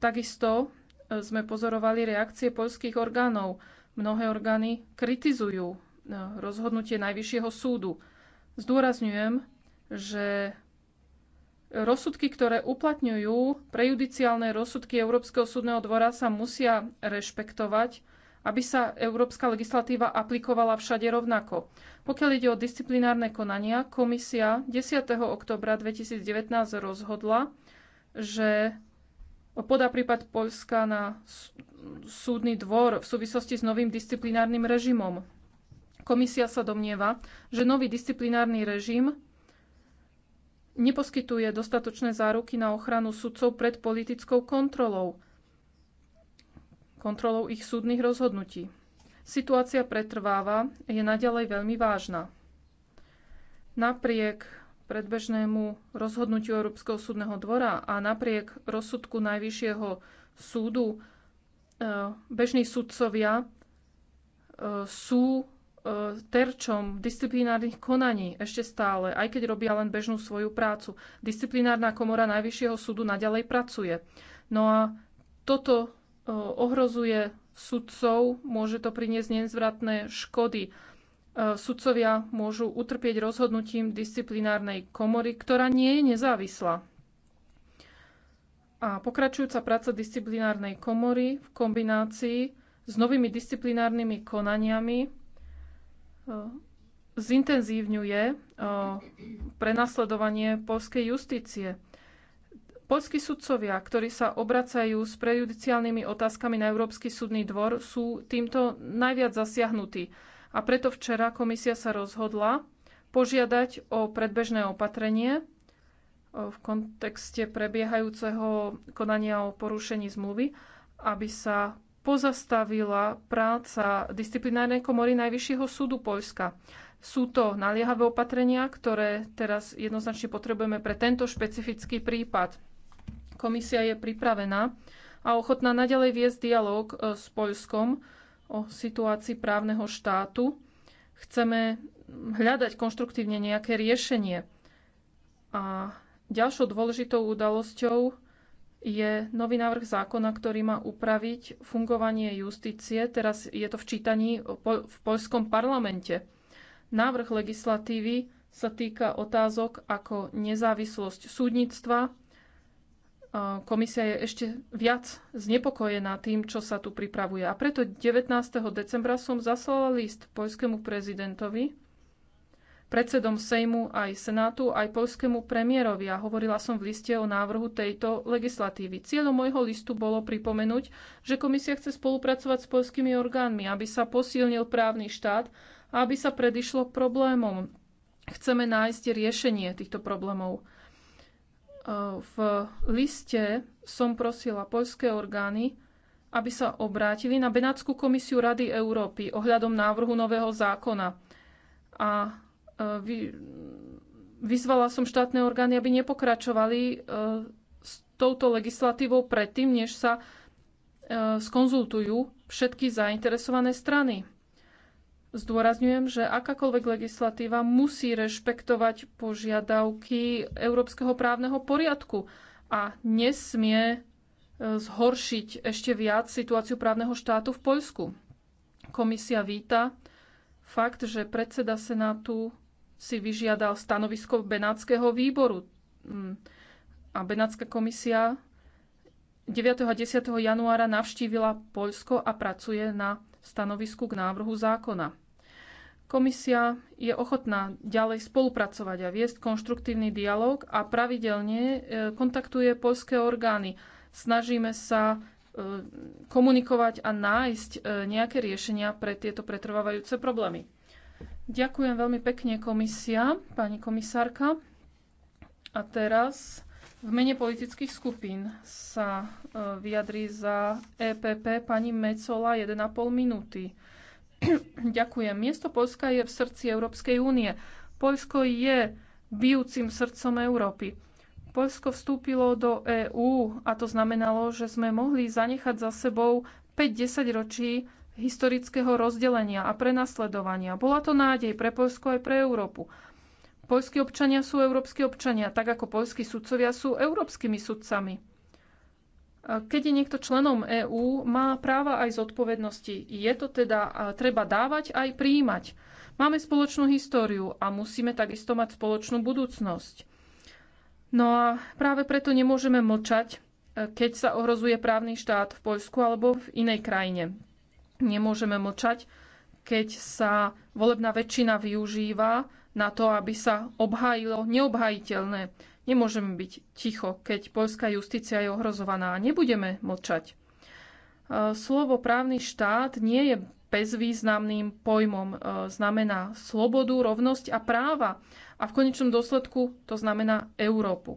Takisto e, sme pozorovali reakcie poľských orgánov. Mnohé orgány kritizujú e, rozhodnutie Najvyššieho súdu. Zdôrazňujem, že Rozsudky, ktoré uplatňujú prejudiciálne rozsudky Európskeho súdneho dvora, sa musia rešpektovať, aby sa európska legislatíva aplikovala všade rovnako. Pokiaľ ide o disciplinárne konania, komisia 10. oktobra 2019 rozhodla, že podá prípad Poľska na súdny dvor v súvislosti s novým disciplinárnym režimom. Komisia sa domnieva, že nový disciplinárny režim neposkytuje dostatočné záruky na ochranu sudcov pred politickou kontrolou, kontrolou ich súdnych rozhodnutí. Situácia pretrváva, je naďalej veľmi vážna. Napriek predbežnému rozhodnutiu Európskeho súdneho dvora a napriek rozsudku Najvyššieho súdu eh, bežní sudcovia eh, sú E, terčom disciplinárnych konaní ešte stále, aj keď robia len bežnú svoju prácu. Disciplinárna komora Najvyššieho súdu naďalej pracuje. No a toto e, ohrozuje sudcov, môže to priniesť nezvratné škody. E, sudcovia môžu utrpieť rozhodnutím disciplinárnej komory, ktorá nie je nezávislá. A pokračujúca práca disciplinárnej komory v kombinácii s novými disciplinárnymi konaniami zintenzívňuje prenasledovanie poľskej justície. Poľskí sudcovia, ktorí sa obracajú s prejudiciálnymi otázkami na Európsky súdny dvor, sú týmto najviac zasiahnutí. A preto včera komisia sa rozhodla požiadať o predbežné opatrenie v kontexte prebiehajúceho konania o porušení zmluvy, aby sa pozastavila práca disciplinárnej komory Najvyššieho súdu Poľska. Sú to naliehavé opatrenia, ktoré teraz jednoznačne potrebujeme pre tento špecifický prípad. Komisia je pripravená a ochotná naďalej viesť dialog e, s Poľskom o situácii právneho štátu. Chceme hľadať konštruktívne nejaké riešenie. A ďalšou dôležitou udalosťou je nový návrh zákona, ktorý má upraviť fungovanie justície. Teraz je to v čítaní v poľskom parlamente. Návrh legislatívy sa týka otázok ako nezávislosť súdnictva. Komisia je ešte viac znepokojená tým, čo sa tu pripravuje. A preto 19. decembra som zaslala list poľskému prezidentovi, predsedom Sejmu aj Senátu, aj polskému premiérovi a hovorila som v liste o návrhu tejto legislatívy. Cieľom môjho listu bolo pripomenúť, že komisia chce spolupracovať s polskými orgánmi, aby sa posilnil právny štát a aby sa predišlo problémom. Chceme nájsť riešenie týchto problémov. V liste som prosila poľské orgány, aby sa obrátili na Benátsku komisiu Rady Európy ohľadom návrhu nového zákona. A E, vyzvala som štátne orgány, aby nepokračovali e, s touto legislatívou predtým, než sa e, skonzultujú všetky zainteresované strany. Zdôrazňujem, že akákoľvek legislatíva musí rešpektovať požiadavky európskeho právneho poriadku a nesmie zhoršiť ešte viac situáciu právneho štátu v Poľsku. Komisia víta fakt, že predseda Senátu si vyžiadal stanovisko Benátskeho výboru. Mm. A Benátska komisia 9. a 10. januára navštívila Poľsko a pracuje na stanovisku k návrhu zákona. Komisia je ochotná ďalej spolupracovať a viesť konštruktívny dialog a pravidelne e, kontaktuje poľské orgány. Snažíme sa e, komunikovať a nájsť e, nejaké riešenia pre tieto pretrvávajúce problémy. Ďakujem veľmi pekne komisia, pani komisárka. A teraz v mene politických skupín sa e, vyjadrí za EPP pani Mecola 1,5 minúty. Ďakujem. Miesto Polska je v srdci Európskej únie. Polsko je bijúcim srdcom Európy. Polsko vstúpilo do EÚ a to znamenalo, že sme mohli zanechať za sebou 5-10 ročí historického rozdelenia a prenasledovania. Bola to nádej pre Polsko aj pre Európu. Poľskí občania sú európsky občania, tak ako poľskí sudcovia sú európskymi sudcami. Keď je niekto členom EÚ, má práva aj zodpovednosti. Je to teda treba dávať aj príjmať. Máme spoločnú históriu a musíme takisto mať spoločnú budúcnosť. No a práve preto nemôžeme mlčať, e, keď sa ohrozuje právny štát v Poľsku alebo v inej krajine. Nemôžeme mlčať, keď sa volebná väčšina využíva na to, aby sa obhájilo neobhajiteľné. Nemôžeme byť ticho, keď poľská justícia je ohrozovaná. Nebudeme mlčať. E, slovo právny štát nie je bezvýznamným pojmom. E, znamená slobodu, rovnosť a práva. A v konečnom dôsledku to znamená Európu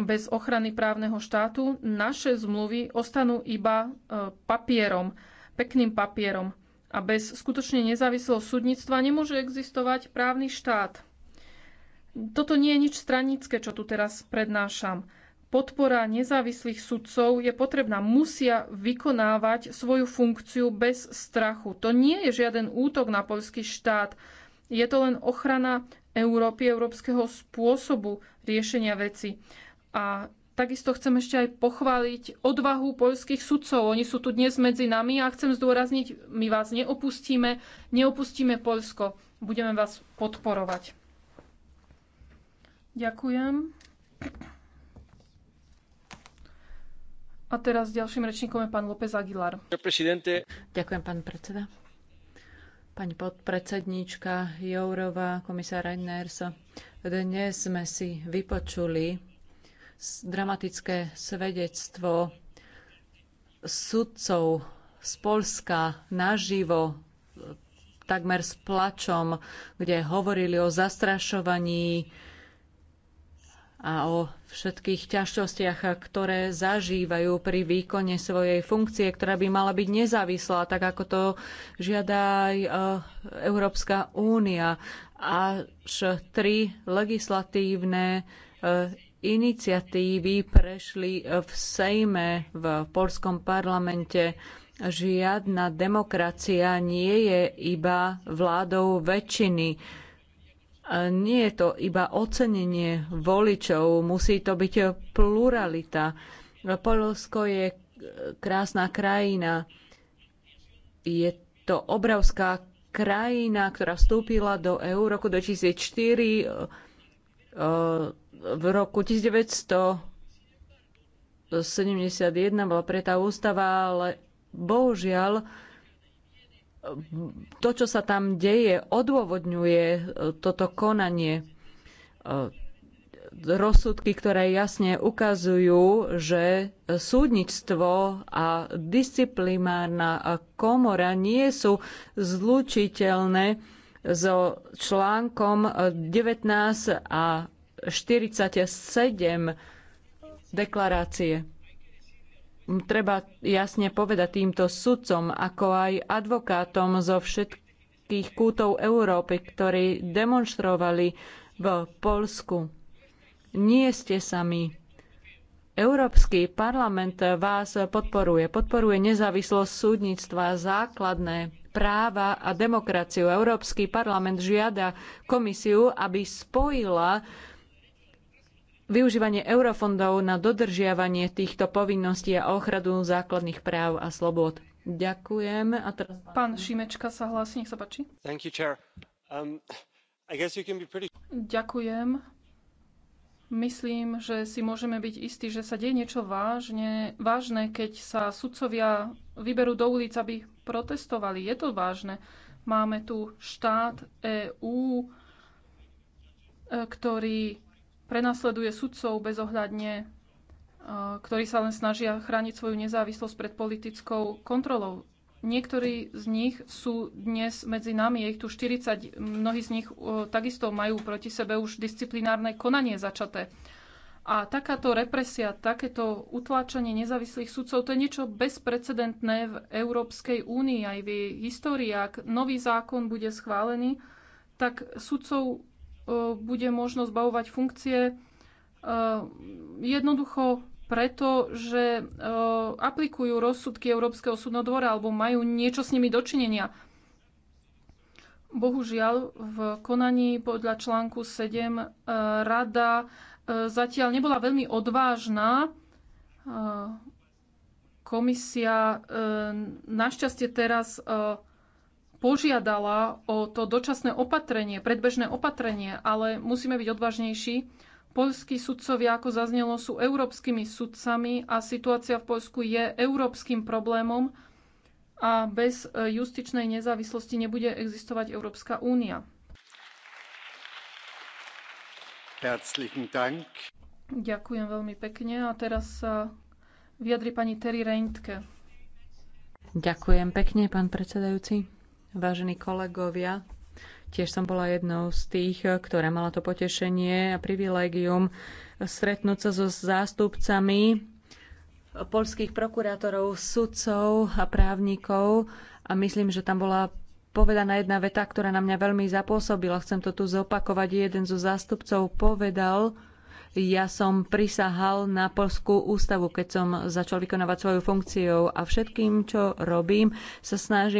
bez ochrany právneho štátu naše zmluvy ostanú iba e, papierom, pekným papierom. A bez skutočne nezávislého súdnictva nemôže existovať právny štát. Toto nie je nič stranické, čo tu teraz prednášam. Podpora nezávislých sudcov je potrebná. Musia vykonávať svoju funkciu bez strachu. To nie je žiaden útok na poľský štát. Je to len ochrana Európy, európskeho spôsobu riešenia veci. A takisto chcem ešte aj pochváliť odvahu poľských sudcov. Oni sú tu dnes medzi nami a chcem zdôrazniť, my vás neopustíme, neopustíme Poľsko. Budeme vás podporovať. Ďakujem. A teraz ďalším rečníkom je pán López Aguilar. Ďakujem, pán predseda. Pani podpredsednička Jourova, komisár Reiners, dnes sme si vypočuli dramatické svedectvo sudcov z Polska naživo takmer s plačom, kde hovorili o zastrašovaní a o všetkých ťažkostiach, ktoré zažívajú pri výkone svojej funkcie, ktorá by mala byť nezávislá, tak ako to žiada aj e, Európska únia. Až tri legislatívne e, iniciatívy prešli e, v Sejme, v polskom parlamente. Žiadna demokracia nie je iba vládou väčšiny. E, nie je to iba ocenenie voličov, musí to byť pluralita. E, Polsko je krásna krajina. Je to obrovská krajina, ktorá vstúpila do EU roku 2004 v roku 1971 bola prijatá ústava, ale bohužiaľ to, čo sa tam deje, odôvodňuje toto konanie rozsudky, ktoré jasne ukazujú, že súdnictvo a disciplinárna komora nie sú zlučiteľné so článkom 19 a 47 deklarácie. Treba jasne povedať týmto sudcom, ako aj advokátom zo všetkých kútov Európy, ktorí demonstrovali v Polsku. Nie ste sami. Európsky parlament vás podporuje. Podporuje nezávislosť súdnictva, základné práva a demokraciu. Európsky parlament žiada komisiu, aby spojila využívanie eurofondov na dodržiavanie týchto povinností a ochranu základných práv a slobôd. Ďakujem. A teraz pán, Šimečka sa hlási, nech sa páči. You, um, pretty... Ďakujem Myslím, že si môžeme byť istí, že sa deje niečo vážne, vážne, keď sa sudcovia vyberú do ulic, aby protestovali. Je to vážne. Máme tu štát EÚ, e, ktorý prenasleduje sudcov bezohľadne, e, ktorí sa len snažia chrániť svoju nezávislosť pred politickou kontrolou. Niektorí z nich sú dnes medzi nami, je ich tu 40, mnohí z nich o, takisto majú proti sebe už disciplinárne konanie začaté. A takáto represia, takéto utláčanie nezávislých sudcov, to je niečo bezprecedentné v Európskej únii aj v jej histórii. Ak nový zákon bude schválený, tak sudcov o, bude možno zbavovať funkcie jednoducho pretože e, aplikujú rozsudky Európskeho súdneho dvora alebo majú niečo s nimi dočinenia. Bohužiaľ, v konaní podľa článku 7 e, rada e, zatiaľ nebola veľmi odvážna. Komisia našťastie teraz požiadala o to dočasné opatrenie, predbežné opatrenie, ale musíme byť odvážnejší Poľskí sudcovia, ako zaznelo, sú európskymi sudcami a situácia v Poľsku je európskym problémom a bez e, justičnej nezávislosti nebude existovať Európska únia. Ďakujem veľmi pekne a teraz sa e, vyjadri pani Terry Reintke. Ďakujem pekne, pán predsedajúci. Vážení kolegovia, Tiež som bola jednou z tých, ktorá mala to potešenie a privilégium stretnúť sa so zástupcami polských prokurátorov, sudcov a právnikov a myslím, že tam bola povedaná jedna veta, ktorá na mňa veľmi zapôsobila. Chcem to tu zopakovať. Jeden zo zástupcov povedal, ja som prisahal na Polskú ústavu, keď som začal vykonávať svoju funkciu a všetkým, čo robím, sa snažím